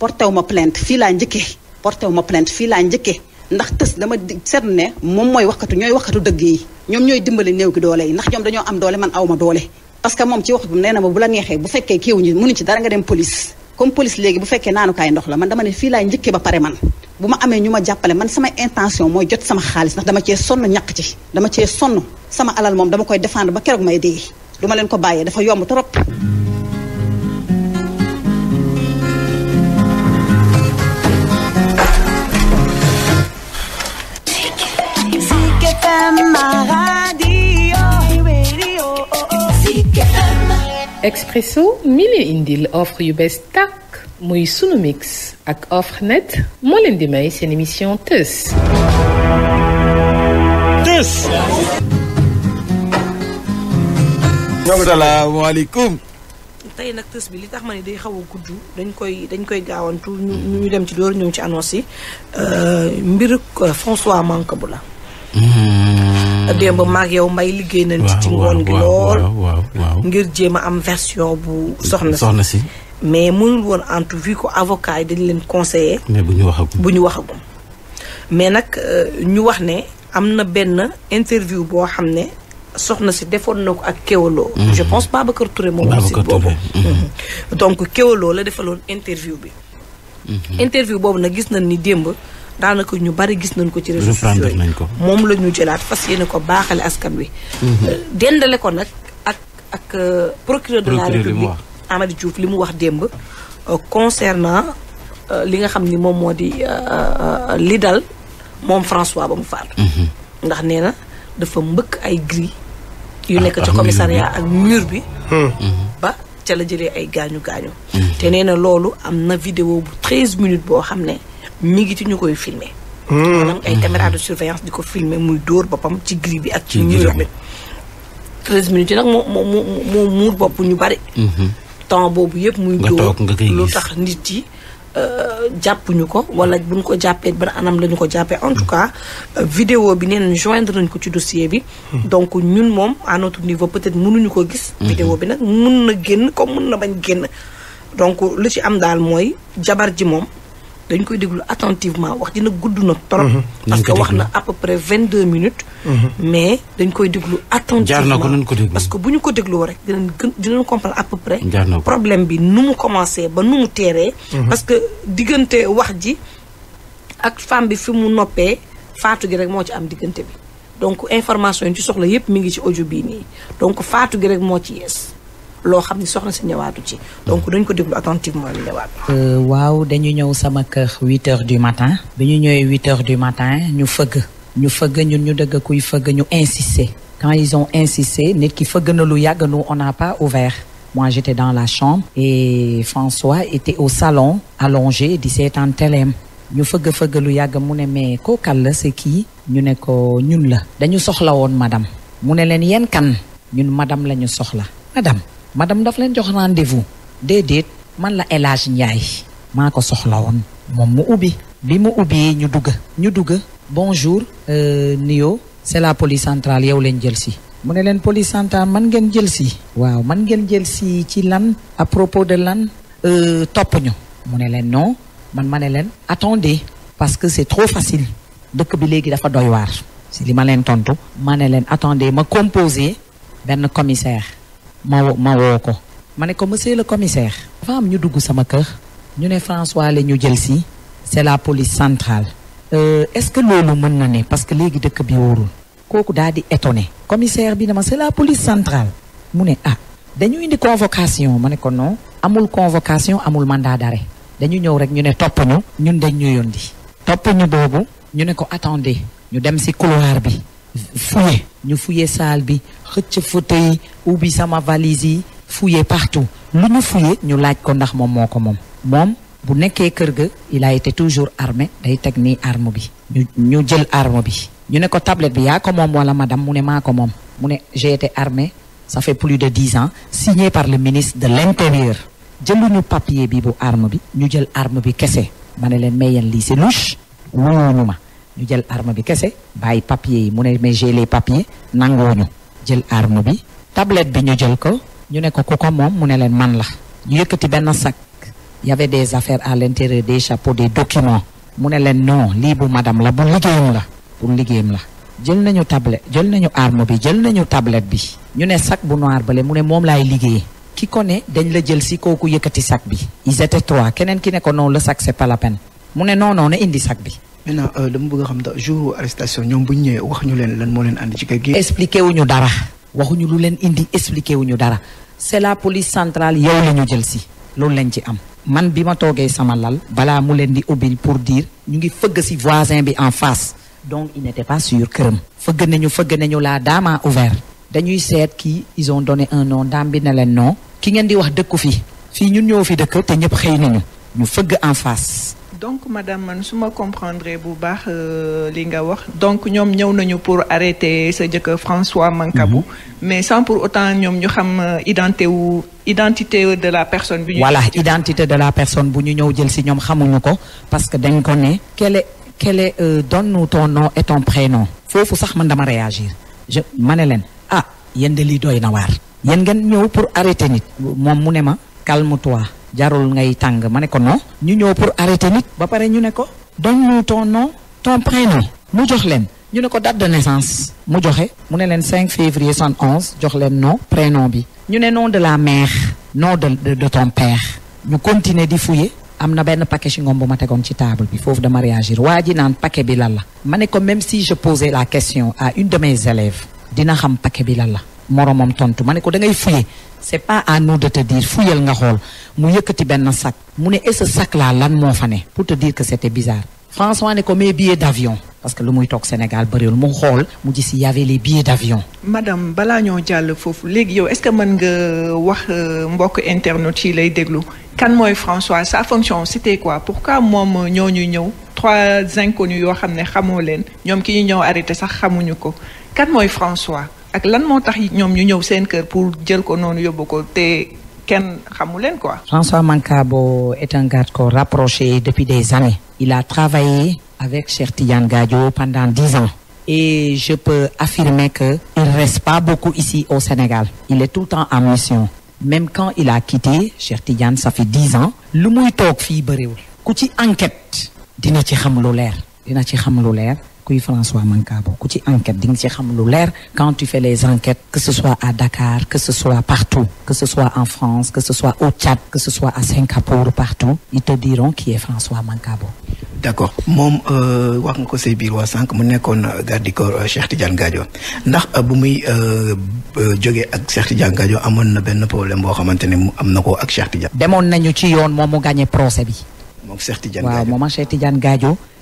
porté wu ma fii laa njëkkee porté wu ma plainte fii laa njëkkee ndax tës dama seetlu ne moom mooy waxkatu ñooy waxkatu dëgg yi ñoom ñooy dimbali néew gi doole yi ndax ñoom dañoo am doole man aw ma doole parce que moom ci wax bi nee na ma bu la neexee bu fekkee kiiwuñu mënu ci dara nga dem police comme police léegi bu fekkee naanukaay ndox la man dama ne fii laay njëkkee ba pare man bu ma amee ñu ma jàppale man sama intention mooy jot sama xaalis ndax dama cee sonn ñàkk ci dama cee sonn sama alal moom dama koy défendre ba keroog may dee du leen ko bàyyee dafa yomb trop Expresso mi leen indil offre yu bees tàkk muy sunu mix ak offre net moo leen di may seen émission tës. tës. salaamaaleykum. tey nag tës bi li tax ma ne day xaw a gudd dañ koy dañ koy gaawantu ñu ñu dem ci door ñëw ci annonce yi euh, mbir euh, François Mancabou la Mm-hmm. démb maag yow mbay liggéey nañ ci ci ngoon gi lool ngir jéem a am version bu soxna si mais mënul woon antu vu ko avocat yi dañ leen conseillé bu ñu wax bu ñu waxagum mais nag euh, ñu wax ne am na benn interview boo xam ne soxna si defoon na ko ak Kewaloo mm-hmm. je pense Babacar Touré moom si boobu mm-hmm. donc Kewaloo la defaloon interview bi interview boobu nag gis nañ ni démb daanaka ñu bari gis nañ ko ci réseaux sociaux yi moom la ñu jëlaat fas yéene ko baaxale askan wi mhm. euh, dendale ko nag ak ak euh, procureur de la république Amady Diouf li mu wax démb euh, concernant li nga xam ni moom moo di li dal moom François ba mu faatu mhm. ndax nee na dafa mbëkk ay gris yu ah, nekk ci commissariat ak mur bi hmm. mhm. ba ca la jëlee ay gaañu gaañu te nee na loolu am na video bu 13 minutes boo xam ne mi ngi ci ñu koy filmer hmm. maanaam ay caméra de surveillance di ko filmer muy dóor boppam ci gris bi ak ci ñuy wax bi nag moo moo moo moo muur bopp ñu bari hmm. temps boobu yëpp muy dóor lu tax nit yi euh, jàppuñu ko wala buñ ko jàppee ban anam lañu ko jàppee en tout cas euh, vidéo bi neen joindre nañ ko ci dossier bi hmm. donc ñun moom à notre peut-être mënuñu ko gis vidéo bi nag mun na génn comme mun na bañ génn donc lu ci am daal mooy jabar ji moom dañ koy déglu attentivement wax dina gudd na trop. Mhm. parce que wax na à peu près vingt deux minutes. Mhm. mais dañ koy déglu attentivement jaar na ko nañ ko déglu parce que bu ñu ko déglu rek dinañ gën dinañ comprendre à peu près. problème bi nu mu commencé ba nu mu teeree. Mhm. parce que diggante wax ji ak femme bi fi mu noppee faatu gi rek moo ci am diggante bi donc information yi ci soxla yépp mi ngi ci ojo bii nii donc faatu gi rek moo ci yees. loo xam ne soxla si ñëwaatu ci. donc dañ ko déglu attentivement ñu ñëwaat. Euh, waaw dañu ñëw sama kër huit heures du matin. bi ñu ñëwee huit heures du matin ñu fëgg. ñu fëgg ñun ñu dëgg kuy fëgg ñu insister. quand ils ont insisté nit ki fëgg na lu yàgg nous on n'a pas ouvert. moi j'étais dans la chambre. et François était au salon. allongé di seetaan teleem. ñu fëgg fëgg lu yàgg mu ne mais kookal la c'est kii. ñu ne ko ñun la. dañu soxla woon madame. mu ne leen yéen kan. ñun madame la ñu soxla. madame. madame daf leen jox rendez-vous déedéet man la El Hadj Ndiaye maa ko soxla woon moom mu ubbi bi mu ubbi ñu dugg ñu dugg bonjour euh, Nio c'est la police centrale yow leen jël si mu ne leen police centrale man ngeen jël si waaw man ngeen jël si ci lan à propos de lan euh, topp ñu mu ne leen non man ma ne leen attendez parce que c'est trop facile dëkk bi léegi dafa doy waar si li ma leen tontu ma ne leen attendez ma composé benn commissaire ma ma woo ko ma ne ko monsieur le commissaire dafa am ñu dugg sama kër ñu ne François la ñu jël si c'est la police centrale euh, est-ce que loolu mën na ne parce que léegi dëkk bi wóorul kooku daal di étonné commissaire bi ne ma la police centrale mu ne ah dañu indi convocation ma ne ko non amul convocation amul mandat d'arrêt dañu ñëw rek ñu ne topp ñu ñun dañ ñu yondi topp ñu boobu ñu ne ko attendez ñu dem ci couloir bi fouiller ñu fouiller salle bi xëcc fauteuil yi ubbi sama valise yi fouillé partout lu ñu fouillé ñu laaj ko ndax moom moo ko moom moom bu nekkee kër ga il été toujours armé day teg nii arme bi ñu ñu jël arme bi ñu ne ko tablette bi yaa ko moom wala madame mu ne maa ko moom mu ne gete été armé ça plus de dix ans signé par le ministre de l'intérieur jëluñu papier bi bu arme bi ñu jël arme bi kese ma ne leen mais yéen lii c'est louche wuyooñu ma ñu jël arme bi kese bàyyi papier yi mu ne mais j'ai les papiers nangooñu jël arme bi tablet bi ñu jël ko ñu ne ko ku ko moom mu ne leen man la ñu yëkkati benn sac yave avait des affaires à téere des chapeaux des documents mu ne leen non lii bu madame la bu liggéeyam la pour liggéeyam la jël nañu tablette jël nañu arme bi jël nañu tablette bi ñu ne sac bu noir bale mu ne moom laay liggéey ki ko ne dañ la jël si kooku yëkkati sac bi yi ils étaient trois keneen ki ne ko non le sac c'est pas mu ne non non ne indi sac bi maintenant euh, dama bëgg a xam da jour arrestation ñoom bu ñu ñëwee wax ñu leen lan moo leen andi ci kër gi. expliqué wuñu dara waxuñu lu leen indi expliqué wuñu dara c'est la police centrale yow la ñu loolu lañ ci am. man bi ma toogee sama lal balaa mu leen di ubbi pour dire ñu ngi fëgg si voisin bi en face donc il n'était pas sûr këram. fëgg nañu fëgg nañu la dame a ouvert dañuy seet kii ils ont donné un nom dame bi ne leen non ki ngeen di wax dëkku fi fii ñun ñoo fi dëkk te ñëpp xëy nañu ñu fëgg en face. donc madame man su ma comprendre bu baax euh, li nga wax donc ñoom ñëw nañu pour arrêter sa jëkkër François Mancabou mhm. mais sans pour autant ñoom ñu xam euh, identité wu identité de la personne. bu ñu voilà identité de la personne bu ñu ñëw jël si ñoom xamuñu ko parce que dañ ko ne. quel est quel est euh, donne-nous foofu sax man dama réagir ma ne leen ah yen de li doy na waar. yéen ngeen ñëw pour arrêter nit. moom mu ne ma calme-toi. jarul ngay tàng ma ne ko non ñu ñëw pour arrêter nit ba pare ñu ne ko donne-nous ton nom ton prénom mu jox leen ñu ne ko date de naissance mu joxe mu ne leen 5 février 71 jox leen nom prénom bi ñu ne nom de la mère nom de de, de ton père ñu continuer di fouiller am na benn paquet si ngoom bu ma tegoon ci table bi foofu dama réagir waa ji naan paquet bi lan la ma ne ko même si je posais la question à une de mes élèves dina xam paquet bi lan la moromam tontu ma ne ko da c'est pas à nous de te dire fuyal nga xool mu yëkkati benn sac mu ne et sac là lan moo fa ne pour te dire que c'était bizarre François ne ko mais billet d'avion parce que lu muy toog Sénégal bëriwul mu xool mu gis si avait les billets d'avion. madame balaa ñoo jàll foofu léegi yow est-ce que mën nga wax euh, mbokk internet yi lay déglu kan mooy François sa fonction c'était quoi pourquoi moom ñoo ñuy ñëw trois inconnus yoo xam ne xamoo leen ñoom ki ñu ñëw arrêté sax xamuñu ko kan mooy François. ak lan moo tax ñoom ñu ñëw seen kër pour jël ko noonu yóbbu ko te kenn xamu leen quoi. François Mancabo est un garde corps rapproché depuis des années. il a travaillé avec Cheikh Tidiane Gadio pendant dix ans. et je peux affirmer que il reste pas beaucoup ici au Sénégal. il est tout le temps en mission. même quand il a quitté Cheikh Tidiane ça fait dix ans. lu muy toog fii bëriwul. ku ci enquête. dina ci xam leer. dina ci xam leer. kuy François Mancabou ku ci enquête di nga ci xam lu leer quand tu les enquêtes que ce soit à Dakar que ce soit partout que ce soit en France que ce soit au Tchad que ce soit à Singapour partout ils te diront qui est François Mancabou d'accord moom euh, wax nga ko say biir waa sànq mu nekkoon euh, garde corps euh, Cheikh Tidiane Gadio ndax bu muy jógee ak Cheikh Tidiane Gadio amoon na benn problème boo xamante ne mu am na ko ak Cheikh Tidiane. demoon nañu ci yoon moom mu gagné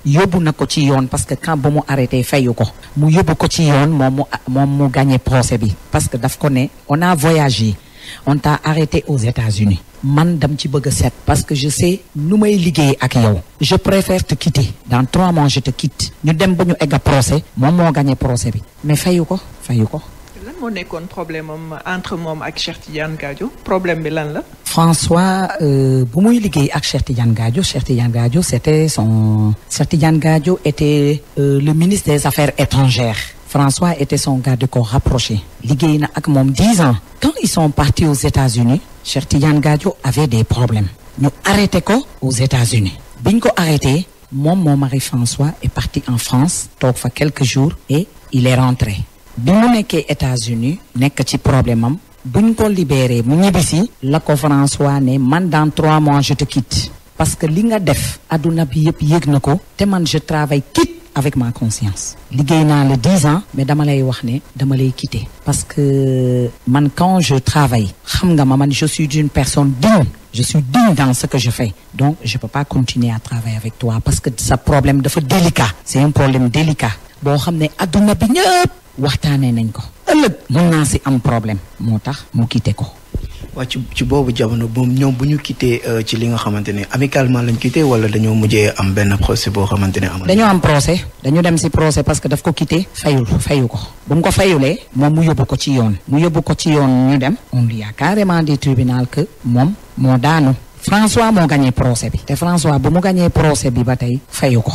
yóbbu na ko ci yoon parce que quand ba mu arrêté fayu ko mu yóbbu ko ci yoon moom mu moom mu gagné procès bi parce que daf ko ne on a voyagé on t'a arrêté aux États-Unis man dam ci bëgg a set parce que je sais nu may liggéey ak yow je préfère te quitter dans trois mois je te quitte ñu dem ba ñu egg procès moom moo gagné procès bi mais fayu ko fayu ko lan moo nekkoon problème am entre moom ak Cheikh Tidiane Gadio problème bi lan la. François euh, bu muy liggéey ak Cheikh Tidiane Gadio Cheikh Tidiane Gadio c'était son Cheikh Tidiane Gadio était euh, le ministre des affaires étrangères. François était son garde-corps rapproché. liggéey na ak moom dix ans. quand ils sont partis aux États-Unis Cheikh Tidiane Gadio avait des problèmes. ñu arrêté ko aux États-Unis biñ ko arrêté moom mon mari François est parti en France toog fa quelques jours et il est rentré. bi mu nekkee États-Unis nekk ci problème am buñ ko libéré mu ñibbisi la ko François ne man dans trois mois je te quitte parce que li nga def adduna bi yëpp yëg na ko te man je travaille quitte avec ma conscience liggéey naa la dix ans mais dama lay wax ne dama lay quitter parce que man quand je travaille xam nga ma man je suis d'une personne digne je suis digne dans ce que je fais donc je peux pas continuer à travailler avec toi parce que sa problème dafa délicat c'est un problème délicat boo waxtaanee nañ ko ëllëg mën naa si am problème moo tax mu quitté ko waa ci ci boobu jamono moom ñoom bu ñu quitté euh, ci li nga xamante ne amicalement lañ quitté wala dañoo mujjee am benn procès boo xamante ne amul. dañoo am procès dañu dem si procès parce que daf ko quitté fayul fayu ko bu mu ko fayulee moom mu yóbbu ko ci yoon mu yóbbu ko ci yoon ñu dem on lui a carrément dit tribunal que moom moo daanu François moo gagné procès bi te François bu mu gagné procès bi ba tey fayu ko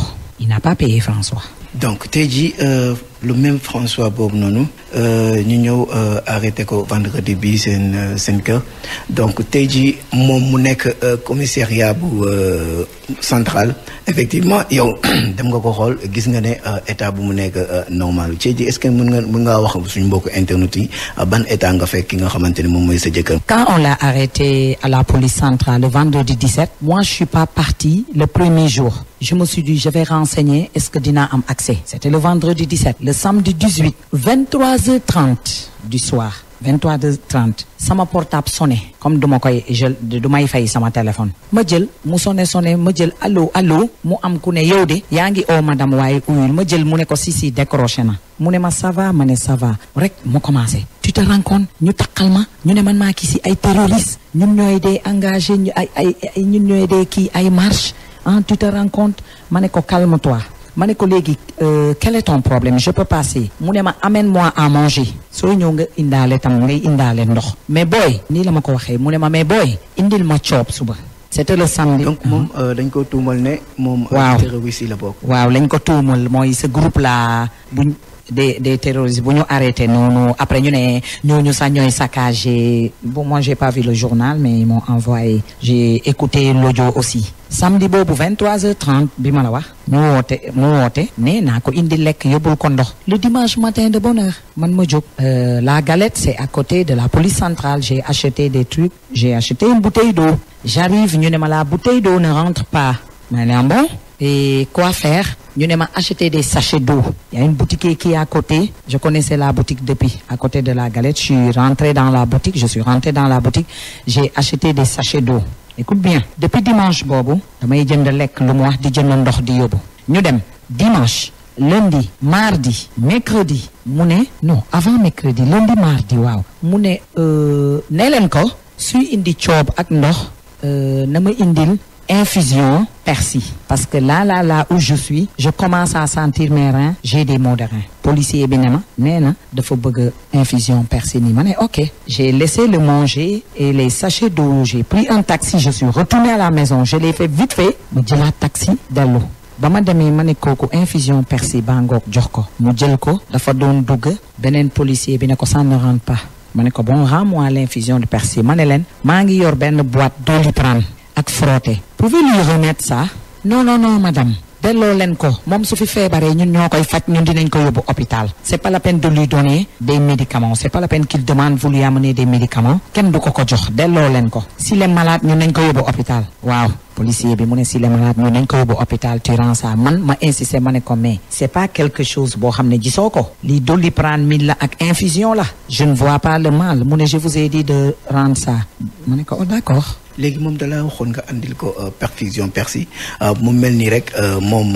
le même François boobu noonu euh, ñu ñëw euh, arrêté ko vendredi bi seen euh, seen kër donc tey jii moom mu nekk commissariat bu central effectivement yow dem nga ko xool gis nga ne état bu mu nekk normal tey jii est-ce que mun nga mën ngaa wax suñu mbokk internet yi ban état nga fekk ki nga xamante ne moom mooy sa jëkkër. quand on l'a arrêté à la police centrale le vendredi 17 moi je suis pas partie le premier jour je me suis dit je vais renseigner est-ce que dina am accès le samedi 18 23h30 du soir 23h30 sama portable sonné comme du ma koy je du may fay sama téléphone ma jël mu sonne sonné ma jël alo allo mu am ku ne yow de yaa ngi oo madame waaye uyul ma jël mu ne ko si si décroché na mu ne ma sava va ma ne ça rek mu commencé tu te ñu taqal ma ñu ne man maa kii si ay terroriste ñun ñooy dee engagé ñu ay ay ñun ñooy dee kii ay marche ah tu te rends ma ne ko calme toi ma ne ko léegi euh, quel est ton problème je peux passer mu ne ma amène moi à manger soo ñëw nga indaale tam ngay indaale ndox mais booy nii la ma ko waxee mu ne ma mais booy indil ma coob suba c'était le samedi. donc moom euh, dañ koo tuumal ne. moom terroriste la bokk. waaw lañ ko tuumal mooy ce groupe là buñ des des terroristes bu ñu arrêté noonu après ñu ne ñooñu sax ñooy saccagé bon moi j'ai pas vu le journal mais ils m'ont envoyé j'ai écouté l'audio aussi samedi boobu 23 h bi ma la wax mu woote mais na nee naa ko indi lekk yóbbul ko ndox le dimanche matin de bonne heure man ma jóg euh, la galette c'est à côté de la police centrale j'ai acheté des trucs j'ai acheté une bouteille d'eau j'arrive ñu ne ma la bouteille d'eau ne rentre pas ma ne ah bon et quoi faire ñu ne ma acheter des sachets d'eau il y a une boutique qui est à côté je connaissais la boutique depuis à côté de la galette je suis rentrée dans la boutique je suis rentrée dans la boutique j'ai acheté des sachets d'eau écoute bien depuis dimanche boobu damay jënd lekk lu mu wax di jënd ndox di yóbbu ñu dem dimanche lundi mardi mercredi mu ne non avant mercredi lundi mardi waaw mu ne euh, ne leen ko suy indi coob ak ndox euh, na ma indil infusion persil parce que là là là où je suis je commence à sentir mes reins j'ai des maux policier bi ne ma mais na dafa bëgg infusion persil nii ma ne ok j'ai laissé le manger et les sachets d'eau j'ai pris un taxi je suis retourné à la maison je l'ai fait vite fait ma jëlaat taxi dellu ba ma demee ma ne kooku infusion persil baa jox ko mu jël ko dafa doon dugg beneen policier bi ne ko ça ne pas ma ne ko bon rends-moi l'infusion de persil ma ne leen maa ngi yor benn boîte Doliprane ak pouvez lui remettre ça. non non non madame. delloo leen ko moom su fi feebaree ñun ñoo koy faj ñun dinañ ko yóbbu hôpital c'est pas la peine de lui donner des médicaments c'est pas la peine qu'il demande vous lui des médicaments kenn du ko ko jox delloo leen ko s'il est malade ñun nañ ko yóbbu hôpital waaw policier bi mu ne s'il est malade ñun nañ ko yóbbu hôpital durant ça man ma insisté ma ne ko mais c'est pas quelque chose boo xam ne gisoo ko lii Doliprane mille la ak infusion la je ne vois pas le mal mu ne je vous ai ko oh léegi moom dala waxoon nga andil ko euh, perfusion persi euh, mu mel nii rek euh, moom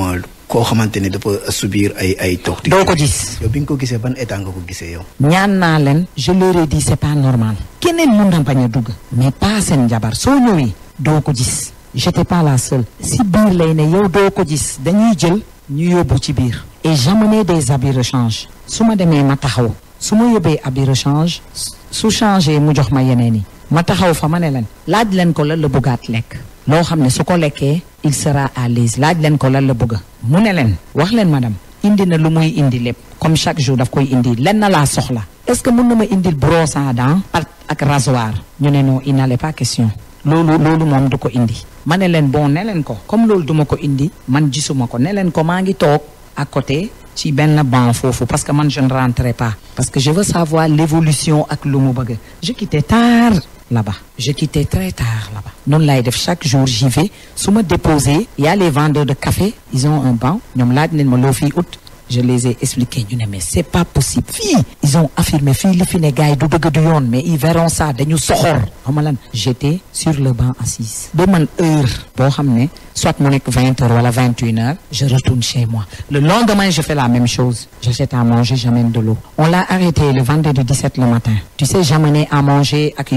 koo xamante ne dafa subir ay ay torture. doo ko gis yow bi nga ko gisee ban état nga ko gisee yow. ñaan naa leen je leur ai dit c'est pas normal. keneen mun na bañ a dugg. mais pas seen jabar soo ñëwee. doo ko gis j'étais pas la seule. si biir lay ne yow doo ko gis dañuy jël. ñu yóbbu ci biir. et j'amenais des habits rechange. su ma demee ma taxaw. su ma yóbbee habits rechange. su changé mu jox ma yeneen yi. ma taxaw fa ma ne leen laaj leen ko lan la bëggaat lekk loo xam ne su ko lekkee il sera à l'aise laaj leen ko lan la bëgg mu ne leen wax leen madame indi na lu muy indi lépp comme chaque jour daf koy indi lenn laa soxla est-ce que mën na ma indil brosse à dents ak rasoir ñu ne non il n'allait pas question loolu moom du ko indi ma ne leen bon ne leen ko comme loolu duma ko indi man jisuma ko ne leen ko maa ngi toog à côté ci benn banc foofu parce que man je ne rentrais pas parce que je veux savoir l'évolution ak lu mu bëgg là ba je quittais très tard là-bas noonu laay def chaque jour j'y vais su ma déposé y a les vendeurs de café ils ont un banc ñoom laaj nañ ma loo fiy ut je les ai expliqué ñu ne mais c'est pas possible fii ils ont affirmé fi ne gars du dëgg du yoon mais ils verront ça dañu soxor xam j'étais sur le banc assise ba man heure boo xam soit mu nekk vingt heures wala je retourne chez moi le lendemain je fais la même chose j'achète à manger j'amène de l'eau on l'a arrêté le vendredi 17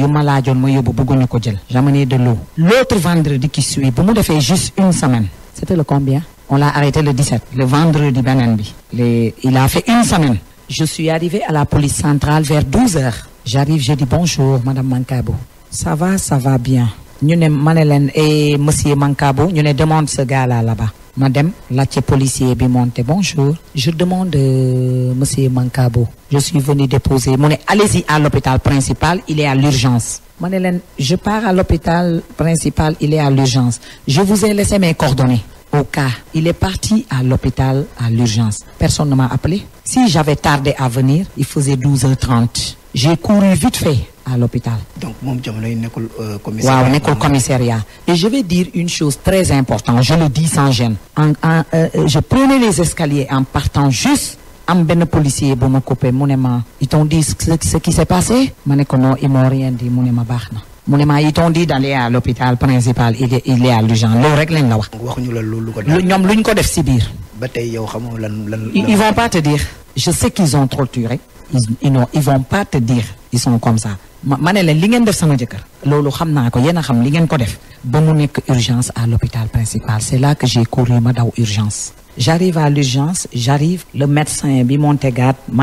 ma laajoon ma yóbbu bëgguñu ko jël j'amenais de l'eau l'autre vendredi qui suit bu mu defee juste une semaine c'était le combien on l'a arrêté le 17 le vendredi bi les il a fait une semaine je suis arrivé à la police centrale vers 12 heures j'arrive je dis bonjour madame Mankabo ça va bien ñu ne ma ne leen et eh, monsieur Mankabo ñu ne demande ce gars là là-bas ma dem laajte policier bi monte bonjour je demande euh, monsieur Mankabo je suis venu déposer mu ne allez-y à l'hôpital principal il est à l'urgence ma ne leen je pars à l'hôpital principal il est à l'urgence je vous ai laissé mes coordonnées au cas. Il est parti à l'hôpital à l'urgence. Personne ne m'a appelé. Si j'avais tardé à venir, il faisait 12h30. J'ai couru vite fait à l'hôpital. Donc moom jamono yi nekkul euh, commissariat. waaw nekkul commissariat. Et je vais dire une chose très importante, je le dis sans gêne. En, en euh, euh, je prenais les escaliers en partant juste am benn policier bu ma coupé mu ne ma ils t'ont dit ce, ce qui s'est passé ma ne ko non ils m'ont rien dit mu ne ma baax na. mu ne maa yi toon di dalee à l'hôpital principal il est à l'urgence loolu rek la wax. waxuñu la loolu ko def ñoom luñ ko def si biir. ba tey yow xamoo lan dire. ils vont pas te dire. ils sont comme ça ma ma ne leen li ngeen def sama jëkkër. loolu xam naa ko yéen a xam li ngeen ko def. ba mu nekk urgence à l'hôpital principal c'est là que j'ai couru ma daw urgence. j'arrive à l'urgence j'arrive le médecin bi ma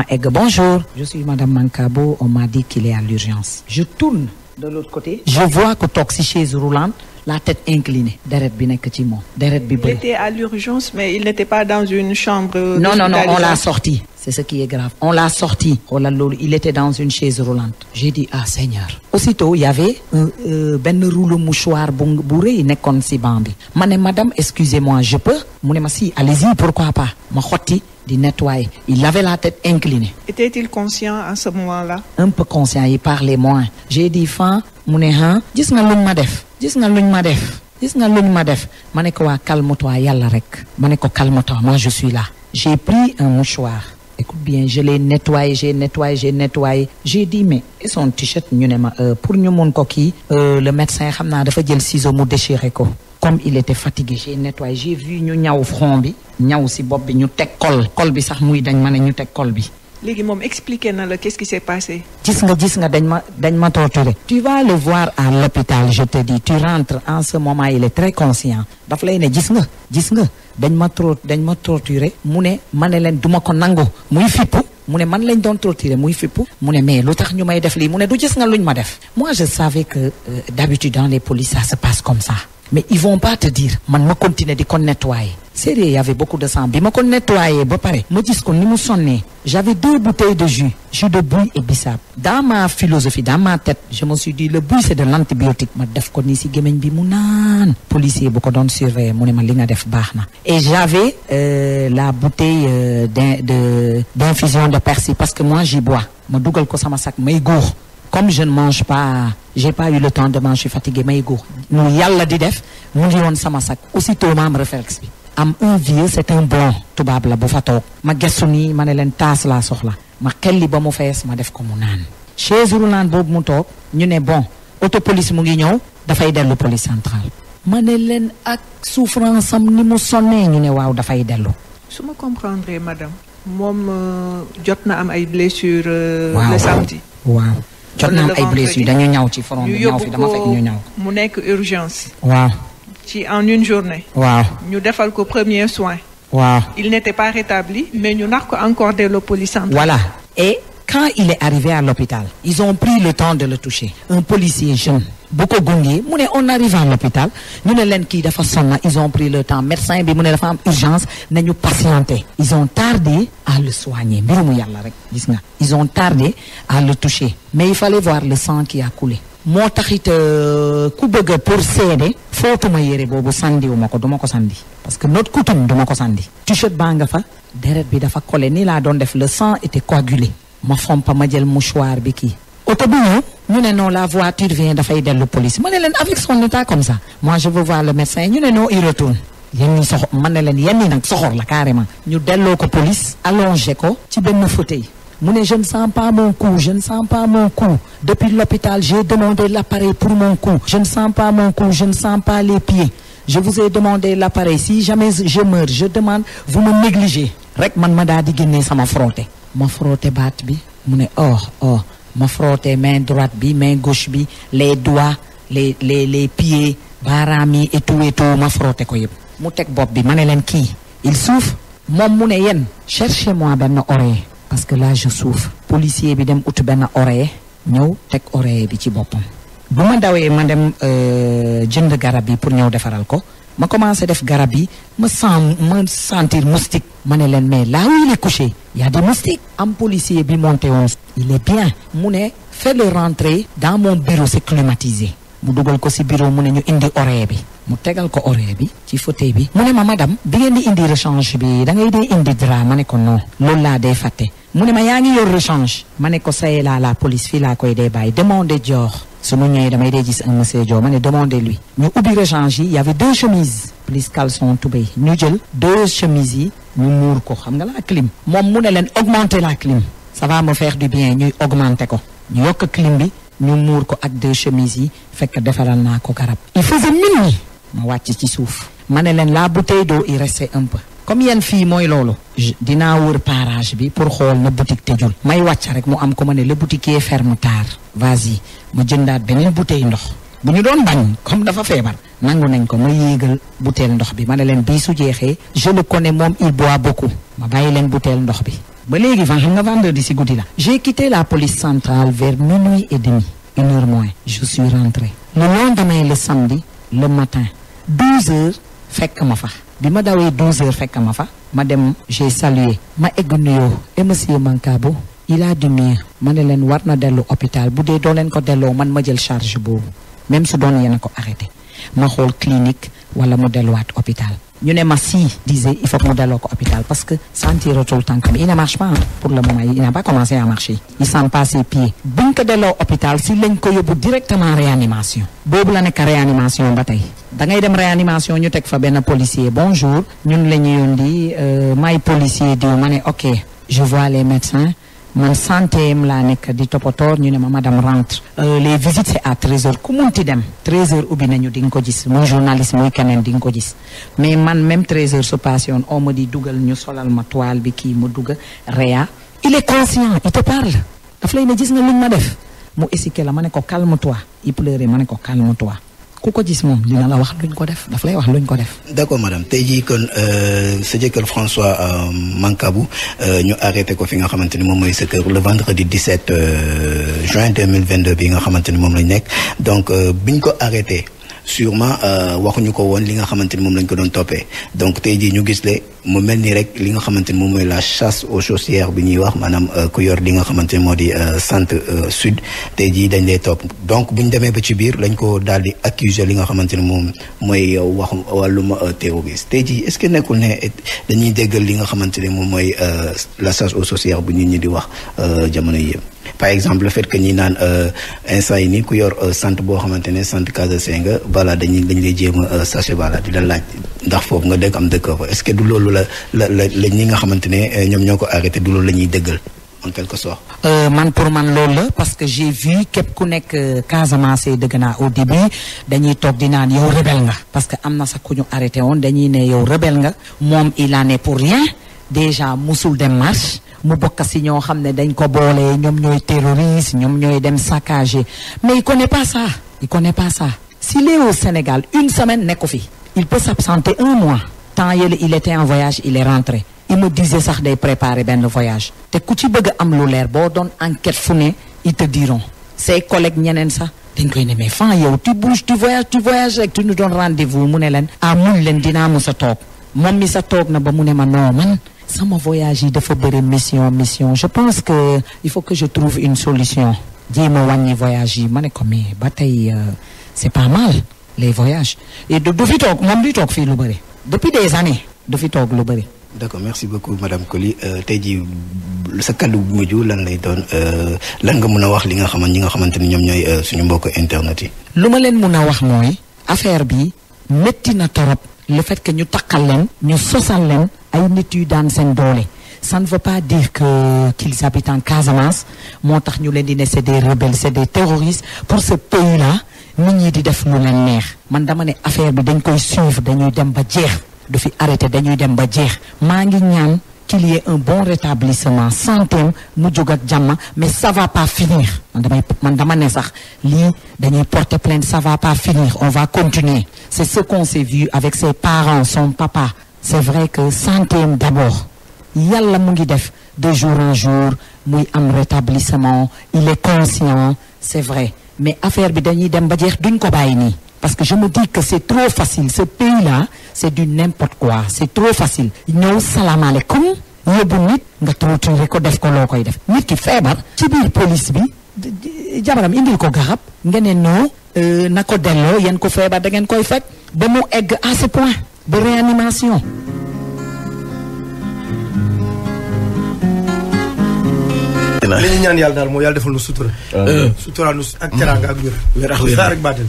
egg bonjour. je suis madame Mankabo on m'a dit qu'il est à l'urgence je tourne. de l'autre côté. Je vois que toxicheuse roulante la tête inclinée deret bi nekk ci moom deret bi bëri. il était à l'urgence mais il n'était pas dans une chambre. non non non on l'a sorti. c'est ce qui est grave on l'a sorti xoolal loolu il était dans une chaise roulante j'ai dit ah Seigneur aussitôt y avait euh, euh, benn rouleau mouchoir bu bu rëy nekkoon ci banc bi ma ne madame excusez-moi je peux mu ne ma si allez-y pourquoi pas ma xotti di nettoyer il avait la tête inclinée était-il conscient à ce moment-là un peu conscient il parlait moins j'ai dit fan mu ne han gis nga lu ma def gis nga luñ ma def gis nga luñ ma def ma ne ko waa calme yàlla rek ma ne ko calme-toi moi je suis là j'ai pris un mouchoir écoute bien je l'ai nettoyé j'ai nettoyé j'ai nettoyé j'ai dit mais et son t-shirt ñu ne ma euh, pour ñu mun ko kii euh, le médecin xam naa dafa jël ciseau mu déchiré ko comme il était fatigué j'ai nettoyé j'ai vu ñu ñaw front bi ñaw si bopp bi ñu teg col col bi sax muy dañ ma ne ñu teg col bi léegi moom expliqué na la qu'est-ce qui s'est passé. gis nga gis nga dañ ma dañ ma torturé. tu vas le voir à l'hôpital je te dis tu rentres en ce moment il est très conscient daf lay ne gis nga gis nga dañ ma trop dañ ma torturé mu ne ma ne leen du ma ko nangu muy fippu mu ne man lañ doon torturé muy fippu mu ne mais lu tax ñu may def lii mu ne du gis nga lu ñu ma def. moi je savais que euh, d'habitude dans les polices ça se passe comme ça mais ils von pas te dire man ma continuer di ko nettoyer. sérieux y avait beaucoup de sang bi ma ko nettoyé ba pare ma gis ko ni mu sonnee j'avais deux bouteilles de jus jus de buy et bissap dans ma philosophie dans ma tête je me suis dit le buy c'est de l'antibiotique ma def ko nii si gémmiñ bi mu naan policier bu ko doon surveiller mu ne ma li nga def baax na et j'avais euh, la bouteille euh, d de d'infusion de persil parce que moi j'y bois ma dugal ko sama sac may góor comme je ne mange pas j'ai pas eu le temps de manger je suis fatigué yàlla di def mu woon sama sac aussitôt ma am bi am un vieux c'est un bon tubaab la bu fa toog ma gestu nii ma ne leen taas laa soxla ma xelli ba mu fees ma def ko mu naan chaise roulante boobu mu toog ñu ne bon auto police mu ngi ñëw dafay dellu police centrale ma ne leen ak souffrance am ni mu sonnee ñu ne waaw dafay dellu su ma comprendre madame moom euh, jot na am ay blessure euh, le samedi waaw jot na am ay blessure dañu ñaw ci front bi ñaw fi dama fekk ñu ñaw mu nekk urgence waaw ci en une journée. waaw ñu defal ko premier soin. waaw il n'était pas rétabli mais ñu nax ko encore delloo police centrale. voilà et quand il est arrivé à l'hôpital ils le temps de le toucher un policier jeune. bu ko gungee mu ne on arrive à l'hôpital ñu ne leen kii dafa sonna ils ont pris le temps médecin bi mu ne dafa am urgence nañu patienter ils ont tardé à le soigner mbiru mu yàlla rek gis nga ils ont tardé à le toucher mais il fallait voir le sang qui a coulé moo taxit euh, ku bëgg a pour seede footuma yére boobu sandiwuma ko duma ko sandi parce que notre coutume duma ko sandi t baa nga fa deret bi dafa collé nii laa doon def le sang était coagulé ma fompa ma jël mouchoir bi kii oto bu ñëw ñu ne non la voiture vient dafay dellu police ma ne leen avec son état comme ça moi je veux voir le médecin ñu ne non il retourne yenn ñi soxor ma ne leen yenn ñi nag soxor la carrément ñu delloo ko police allongé ko ci benn fauteuil mu ne je ne sens pas mon cou je ne sens pas mon cou depuis l'hôpital j'ai demandé l'appareil pour mon cou je ne sens pas mon cou je ne sens pas les pieds je vous ai demandé l'appareil si jamais je meurs je demande vous me négligez rek man ma daa di génnee sama frotté ma frotté baat bi mu ne oh oh ma frotté main droite bi main gauche bi les doigts les les les pieds baaraam yi et tout ma frotté ko yëpp mu teg bopp bi ma ne leen kii il souffre moom mu ne yéen cherchez-moi benn oreille parce que là je souffre policier bi dem ut benn oreille ñëw teg oreille bi ci boppam bu ma dawee ma dem euh, jënd garab yi pour ñëw defaral ko ma commencé def garab yi ma sent ma sentir moustique ma ne leen mais là où il est couché y a des moustiques am policier bi monté woon il bien mu ne fais rentre rentrer dans mon bureau c'est climatisé mu dugal ko si bureau mu ne ñu indi oreille bi mu tegal ko oreille bi ci fauteuil bi mu ne ma madame bi ngeen di indi rechange bi da ngay mu ne ma yaa ngi yor rechange ma ne ko saye laa la police fii laa koy dee bàyyi demandé Dior su ma ñëwee damay dee gis un monsieur Dior ma ne demandé lui ñu ubbi rechange yi y deux chemises plus caleçon tubéy ñu jël deux chemises yi ñu muur ko xam nga la clim moom mu ne leen augmenter la clim ça va me faire du bien ñuy augmenter ko ñu yokk clim bi ñu muur ko ak deux chemises yi fekk defaral naa ko garab il faisait minuit ma wàcc ci suuf ma ne leen la bouteille d'eau il restait comme yéen fii mooy loolu dinaa wër parage bi pour xool na boutique tëjul may wàcc rek mu am ko ma ne le boutiquier ferme tard vas-y ma jëndaat beneen bouteille ndox bu ñu doon bañ comme dafa feebar nangu nañ ko ma yéegal bouteille ndox bi ma ne leen bii su jeexee je le connais moom il boit beaucoup ma bàyyi leen bouteille ndox bi ba léegi fan xam nga vendredi si guddi la j'ai quitté la police centrale vers minuit et demi une heure moins je suis rentré le lendemain le ma fa bi ma dawee douze heures fekk ma fa ma dem j'ai salué ma egg nuyoo et monsieur Mankabo il a du ma ne leen war na dellu hôpital bu dee doo leen ko delloo man ma jël charge boobu même su doon yéen a ko arrêté ma xool clinique wala mu delluwaat hôpital ñu ne ma si disait il faut mu delloo ko hôpital parce que sentiratul tànk bi il ne marche pas pour le moment il n'a pas commencé à marcher il sent pas ses pieds ko delloo hôpital si lañ ko yóbbu directement réanimation boobu la nekk réanimation ba tey da dem réanimation ñu teg fa benn policier bonjour ñun la yoon di euh, may policier diw ma ne ok je vois les médecins man santé am laa nekk di toppatoo ñu ne ma madame rentre euh, les visites c'est à 13h ku munti dem 13h ubbi ñu di nga ko gis muy journaliste keneen di nga ko gis mais man même 13h su passé woon oo ma di dugal ñu solal ma toile bi kii ma dugg réa il est conscient il te parle daf lay ne gis nga luñ ma def mu expliqué la ma ne ko calme-toi il pleurait ma ne ko calme-toi ku ko gis moom dina la wax luñ ko def daf lay wax luñ ko def. d'accord madame tey jii kon euh, sa jëkkër François euh, Mancabou euh, ñu arrêté ko fi nga xamante ni moom mooy sa kër le vendredi 17 juin 2022 bi nga xamante ni moom lañ nekk donc biñ ko arrêté. sûrement euh, waxuñu ko woon li nga xamante ni moom lañ ko doon toppee donc tey jii ñu gis le mu mel ni rek li nga xamante ni moom mooy la chasse aux chaussières bi ñuy wax maanaam euh, ku yor li nga xamante ni moo di sant euh, sud tey jii dañ lay topp donc bu ñu demee ba ci biir lañ ko daal di accuser li nga xamante ni moom mooy wax wàllum terroriste tey jii est-ce que nekkul ne dañuy déggal li nga xamante ni moom mooy la chasse aux chaussières bu ñu ñi di wax jamono yëpp par exemple le fait que ñi naan euh, instant yi nii ku yor euh, sant boo xamante ne sant Casa Senga balaa dañuy dañ lay jéem a euh, sachet balaa di la ndax foofu nga dëkk am dëkk ce que du loolu la ñi nga xamante ne ñoom ñoo ko arrêté du loolu la ñuy dëggal en quelque sorte. man pour man loolu la parce que j'ai vu képp ku nekk Casamance dëgg naa au début dañuy toog di naan yow rebelle nga parce que am na sax ku ñu arrêté woon dañuy ne yow rebelle nga moom il en pour rien. déjà musul dem marche mu bokk si ñoo xam ne dañ ko boolee ñoom ñooy terroriste ñoom ñooy dem saccager mais il connaît pas ça il connaît pas ça s'il est Sénégal une semaine nekku fi il peut s'absenter un mois temps yële il était en voyage il est rentré il me disait sax day préparer benn voyage te ku ci bëgg am lu leer boo doon enquête fu ne ils te diront ses ñeneen sax dañ koy ne mais fan yow tu bouges tu voyages tu voyages rek tu nous donnes rendez mu ne leen ah leen dinaa mu sa toog moom sa toog na ba mu ne ma non man sama voyage yi dafa bëri mission mission je pense que il faut que je trouve une solution jéem a wàññi voyage yi ma ne ko mais ba tey c'est pas mal les voyages et du fi toog moom du toog fii lu bëri depuis des années du fi toog lu bëri d'accord merci beaucoup madame Coly euh, tey jii sa kàddu bu lan lay doon euh, lan nga mën a wax li nga xamante ñi nga xamante ni ñoom ñooy euh, suñu mbokk internet yi lu ma leen mën a wax mooy affaire bii métti na torop le fait que ñu taqal leen ñu sosal leen ay nit yu daan seen doole ça ne veut pas dire que qu'ils habitent Casamance moo tax ñu leen di ne c'est des rebelles c'est des terroristes pour ce pays là nit ñi di def lu leen neex man dama ne affaire bi dañ koy suivre dañuy dem ba jeex du fi arrêté dañuy dem ba jeex maa ngi ñaan qu'il y ait un bon rétablissement santéem mu jóg ak mais ça va pas finir man damay dama ne sax lii dañuy porter plainte ça va pas finir on va continuer c'est ce qu'on s'est vu avec ses parents son papa c'est vrai que santéem d'abord yàlla mu ngi def de jour en jour muy am rétablissement il est conscient c'est vrai mais affaire bi dañuy dem ba jeex duñ ko bàyyi nii parce que je me dis que c'est trop facile ce pays-là c'est du n'importe quoi c'est trop facile ñëw salaamaaleykum yóbbu nit nga torturer ko def ko loo koy def nit ki feebar ci biir police bi jabaram indil ko garab nga ne non euh, na ko delloo yéen ko feebar da ngeen koy faj ba egg à ce point réanimation li ñaan yàlla daal moo yàlla defal nu sutura euh, sutura nu ak teraanga ak wér wér ak baatin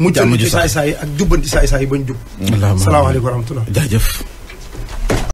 mu jàmm ju sax mucc saay saay ak jubbanti saay saay bañ jub. salaamaaleykum wa rahmatulah jaajëf.